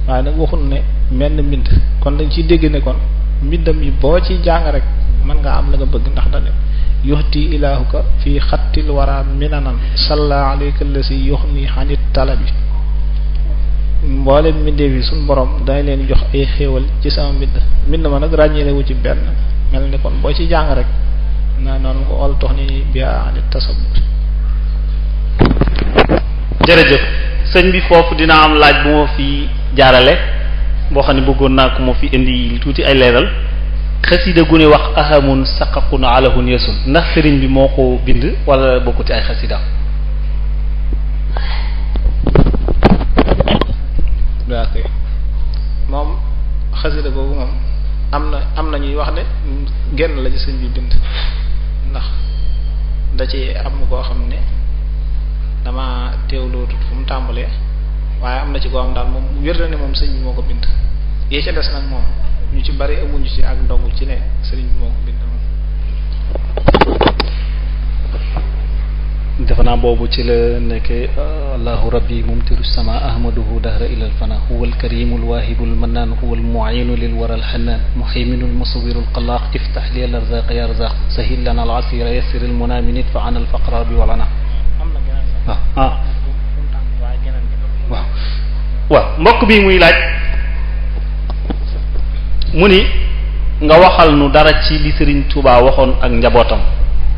waaye nag waxul ne menn mbind kon dañ ciy dégg ne mbindam yi boo ci jàng rek mën nga am la nga bëgg ndax dane yuxti ilaahuka fii xattil wara minanan salla alayka lasi yuxni xanit talabi mboolem mbindeef yi suñ borom day leen jox ay xéwal ci sama mbind mbind ma nag ràññeelewu ci benn mel ni kon boo ci jàng rek naa noonu ko wala tox ni biyaa xanit tasabur jërëjëf sëñ bi foofu dina am laaj bu ma fi jaarale boo xam ne bëggoon naa ko moo fi indi tuuti ay leeral xasida gu ne wax ahamun saqaqun alahun yasun ndax sëriñ bi moo ko bind wala bokku ci ay xasida moom xasida boobu moom am na am na ñuy wax ne genn la ci sëñ bi bind ndax da ci am koo xam ne dama teewlootul fu mu tàmbalee waaye am na ci koo am daal moom wér na ne moom sëñ bi moo ko bind yee ca des nag moom ñu ci bari amuñu ci ak ndogu ci ne sëriñ bi moo ko bind moom defe naa boobu ci la nekke allahu rabbi mumtiru sama ahmaduhu dahra ila alfana huwa alkarimu alwahibu almannan huwa almuinu lilwara alhannan muhayminu almusawiru alqallaq iftah li alarzaq ya arzaq sahil lana alasira yassir almunaminit fa ana alfaqra bi walana am ah ah waaw mbokk bi muy laaj mu ni nga waxal nu dara ci li sëriñ Touba waxoon ak njabootam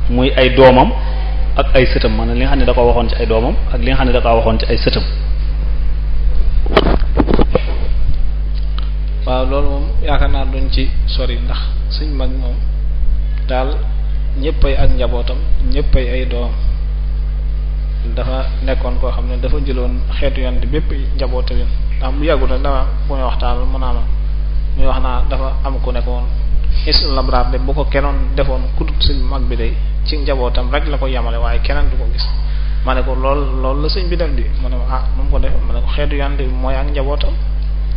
muy ay doomam ak ay sëtam maanaam li nga xam ne da waxoon ci ay doomam ak li nga xam ne da waxoon ci ay sëtam. waaw loolu moom yaakaar naa duñ ci sori ndax suñ mag moom daal ñëppay ak njabootam ñëppay ay doomam. dafa nekkoon koo xam ne dafa jëloon xeetu yonent bépp njabootu leen ndax mu yàggu nag dama mu may waxtaan naa muy wax naa dafa am ku nekkoon isl labraar de bu ko kenoon defoon kudut suñ mag bi day ci njabootam rek la ko yemale waaye kenaan du ko gis ma ne ko lool loolu la sëñ bi def di mu ne ah nu mu ko def ma xeetu yonent bi mooy ak njabootam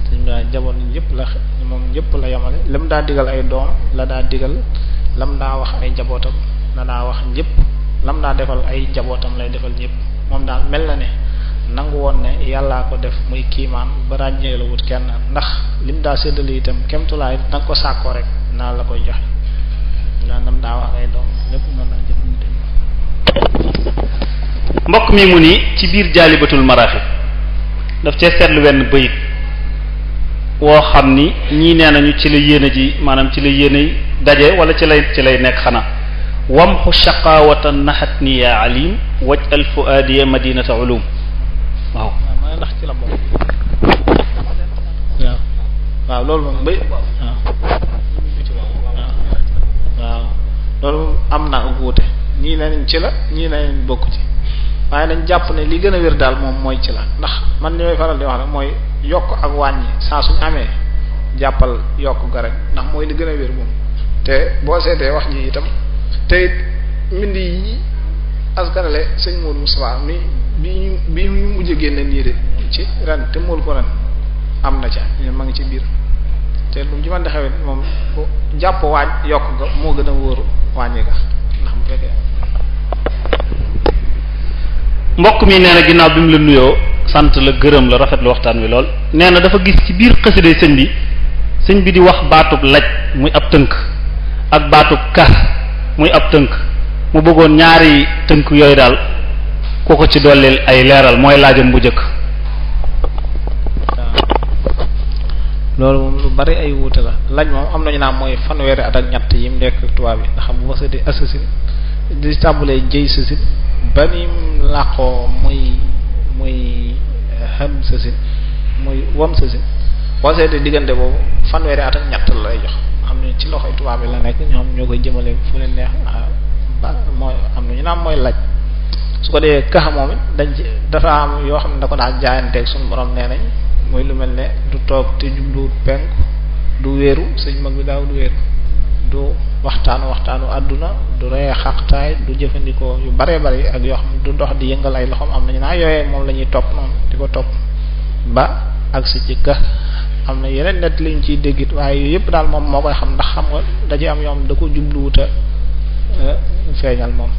sëñ bi daal njaboot yëpp la moom yëpp la yemale lam daa digal ay doom la daa digal lam daa wax ay njabootam la daa wax ñëpp lam daa defal ay jabootam lay defal ñëpp moom daal mel na ne nangu woon ne yàllaa ko def muy kiimaan ba ràññee la wut kenn ndax lim daa séddale itam kemtulaay da nga ko sàkkoo rek naa la koy joxe daa nam daa wax ay doom lépp mbokk mi mu ni ci biir jaalibatul maraaxi daf cee seetlu wenn bayit woo xam ni ñii nee nañu ci la yéene ji maanaam ci la yéene daje wala ci lay ci lay nekk xanaa wamxu shaqaawata naxat ni yaa alim waj al fuaadiya madinata ulum waaw waaw loolu moom bay loolu am na ak wuute ñii nañ ci la ñii nañ bokk ci waaye nañ jàpp ne li gën a wér daal moom mooy ci la ndax man ñooy faral di wax rek mooy yokk ak wàññi saa suñ amee jàppal yokk ga rek ndax mooy li gën a wér moom te boo seetee wax ñi itam te it mbind yi askanale sëñ Modou Moustapha mi bi ñu bi ñu mujj génne nii ci ren te mool ko ren am na ca ñun ma ngi ci biir te lu ci mën di xewet moom jàpp waaj yokk nga moo gën a wóor wàññi nga ndax mbokk mi nee ginnaaw bi mu la nuyoo sant la gërëm la rafet lu waxtaan wi lool nee na dafa gis ci biir xësidee sëñ bi sëñ bi di wax baatub laj muy ab tënk ak baatub ka muy ab tënk mu bëggoon ñaari tënk yooyu daal ku ci dollil ay leeral mooy laajam bu njëkk. loolu moom lu bari ay wuute la lañ moom am nañu naa mooy fanweeri at ak ñett yi mu nekk tubaab yi ndax bu ma sa di assasin di tàmbalee jëy sasin ba ni mu làqoo muy muy xam eh, sasin muy wam sasin boo seetee diggante boobu fanweeri at ak ñett la lay jox. xam ne ci loxoy tubaab bi la nekk ñoom ñoo koy jëmale fu ne neex ah, ba mooy am na ñu mooy laaj su ko defee kaxa moom dañ ci dafa am yoo xam ne da ko jaayante jaayanteeg suñu borom nee nañ mooy lu mel ne du toog te jubluwut penk du wéeru sëñ mag bi daa du wéeru du waxtaanu waxtaanu àdduna du ree xaqtaay du jëfandikoo yu bare bare ak yoo xam du dox di yëngal ay loxoom am nañu naa yooyee moom la ñuy topp noonu di ko topp ba ak si ci xam na yeneen nett liñ ciy déggit waaye yooyu yëpp daal moom moo koy xam ndax xam nga da am yoo xam da ko jubluwuta eh, feeñal moom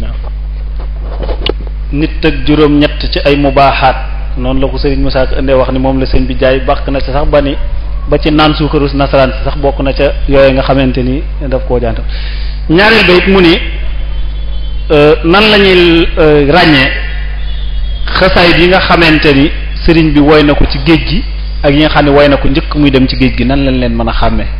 waaw nit ak juróom ñett ci ay mubaaxaat noonu la ko sëriñ Moussa Ka indee wax ni moom la sëñ bi jaay bàq na ci sax ba ni ba ci naan suukarus nasaraan si sax bokk na ca yooye nga xamante ni daf koo jàntal ñaareel ba it mu ni eh, nan la ñuy eh, ràññee xasaayid nga xamante ni sëriñ bi woy na ko ci géej gi ak yi nga xam ne way na ko njëkk muy dem ci géej gi nan lañ leen mën a xàmmee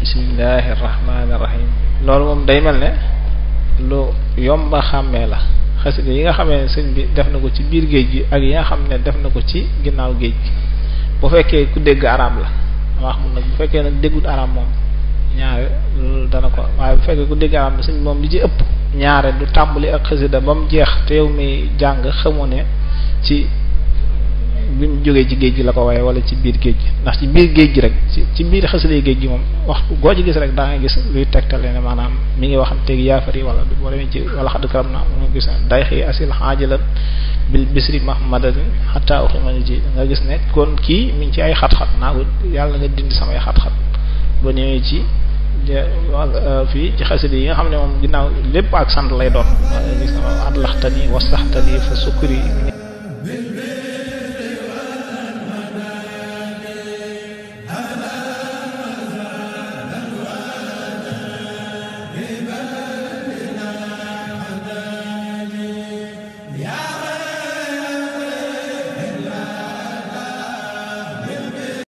bismillahi rahmaani rahim loolu moom day mel ne lu yomba xàmmee la xasida yi nga xam ne sëñ bi def na ko ci biir géej gi ak yi nga xam ne def na ko ci ginnaaw géej gi bu fekkee ku dégg arab la wax mun nag bu fekkee nag déggul arab moom ñaawe loolu dana ko waaye bu fekkee guddi garam bi suñ moom li ci ëpp ñaare du tàmbali ak xasida da mu jeex te yow mi jàng xamu ne ci bi mu jógee ci géej gi la ko waaye wala ci biir géej gi ndax ci biir géej gi rek ci ci biir xasida géej gi moom wax goo ci gis rek daa nga gis luy tegtale ne maanaam mi ngi waxam teeg yaafari wala boo demee ci wala xadd karam na mu gis day xii asil xaajilan bil ma mahmadadin xataa uximani ji nga gis ne kon kii mi ngi ci ay xat-xat naa ko yàlla nga dindi samay xat-xat ba ñëwee ci euh, fii ci xasida yi nga xam ne moom ginnaaw lépp ak sant lay doon at laxtani wasaxtani fa sukkuri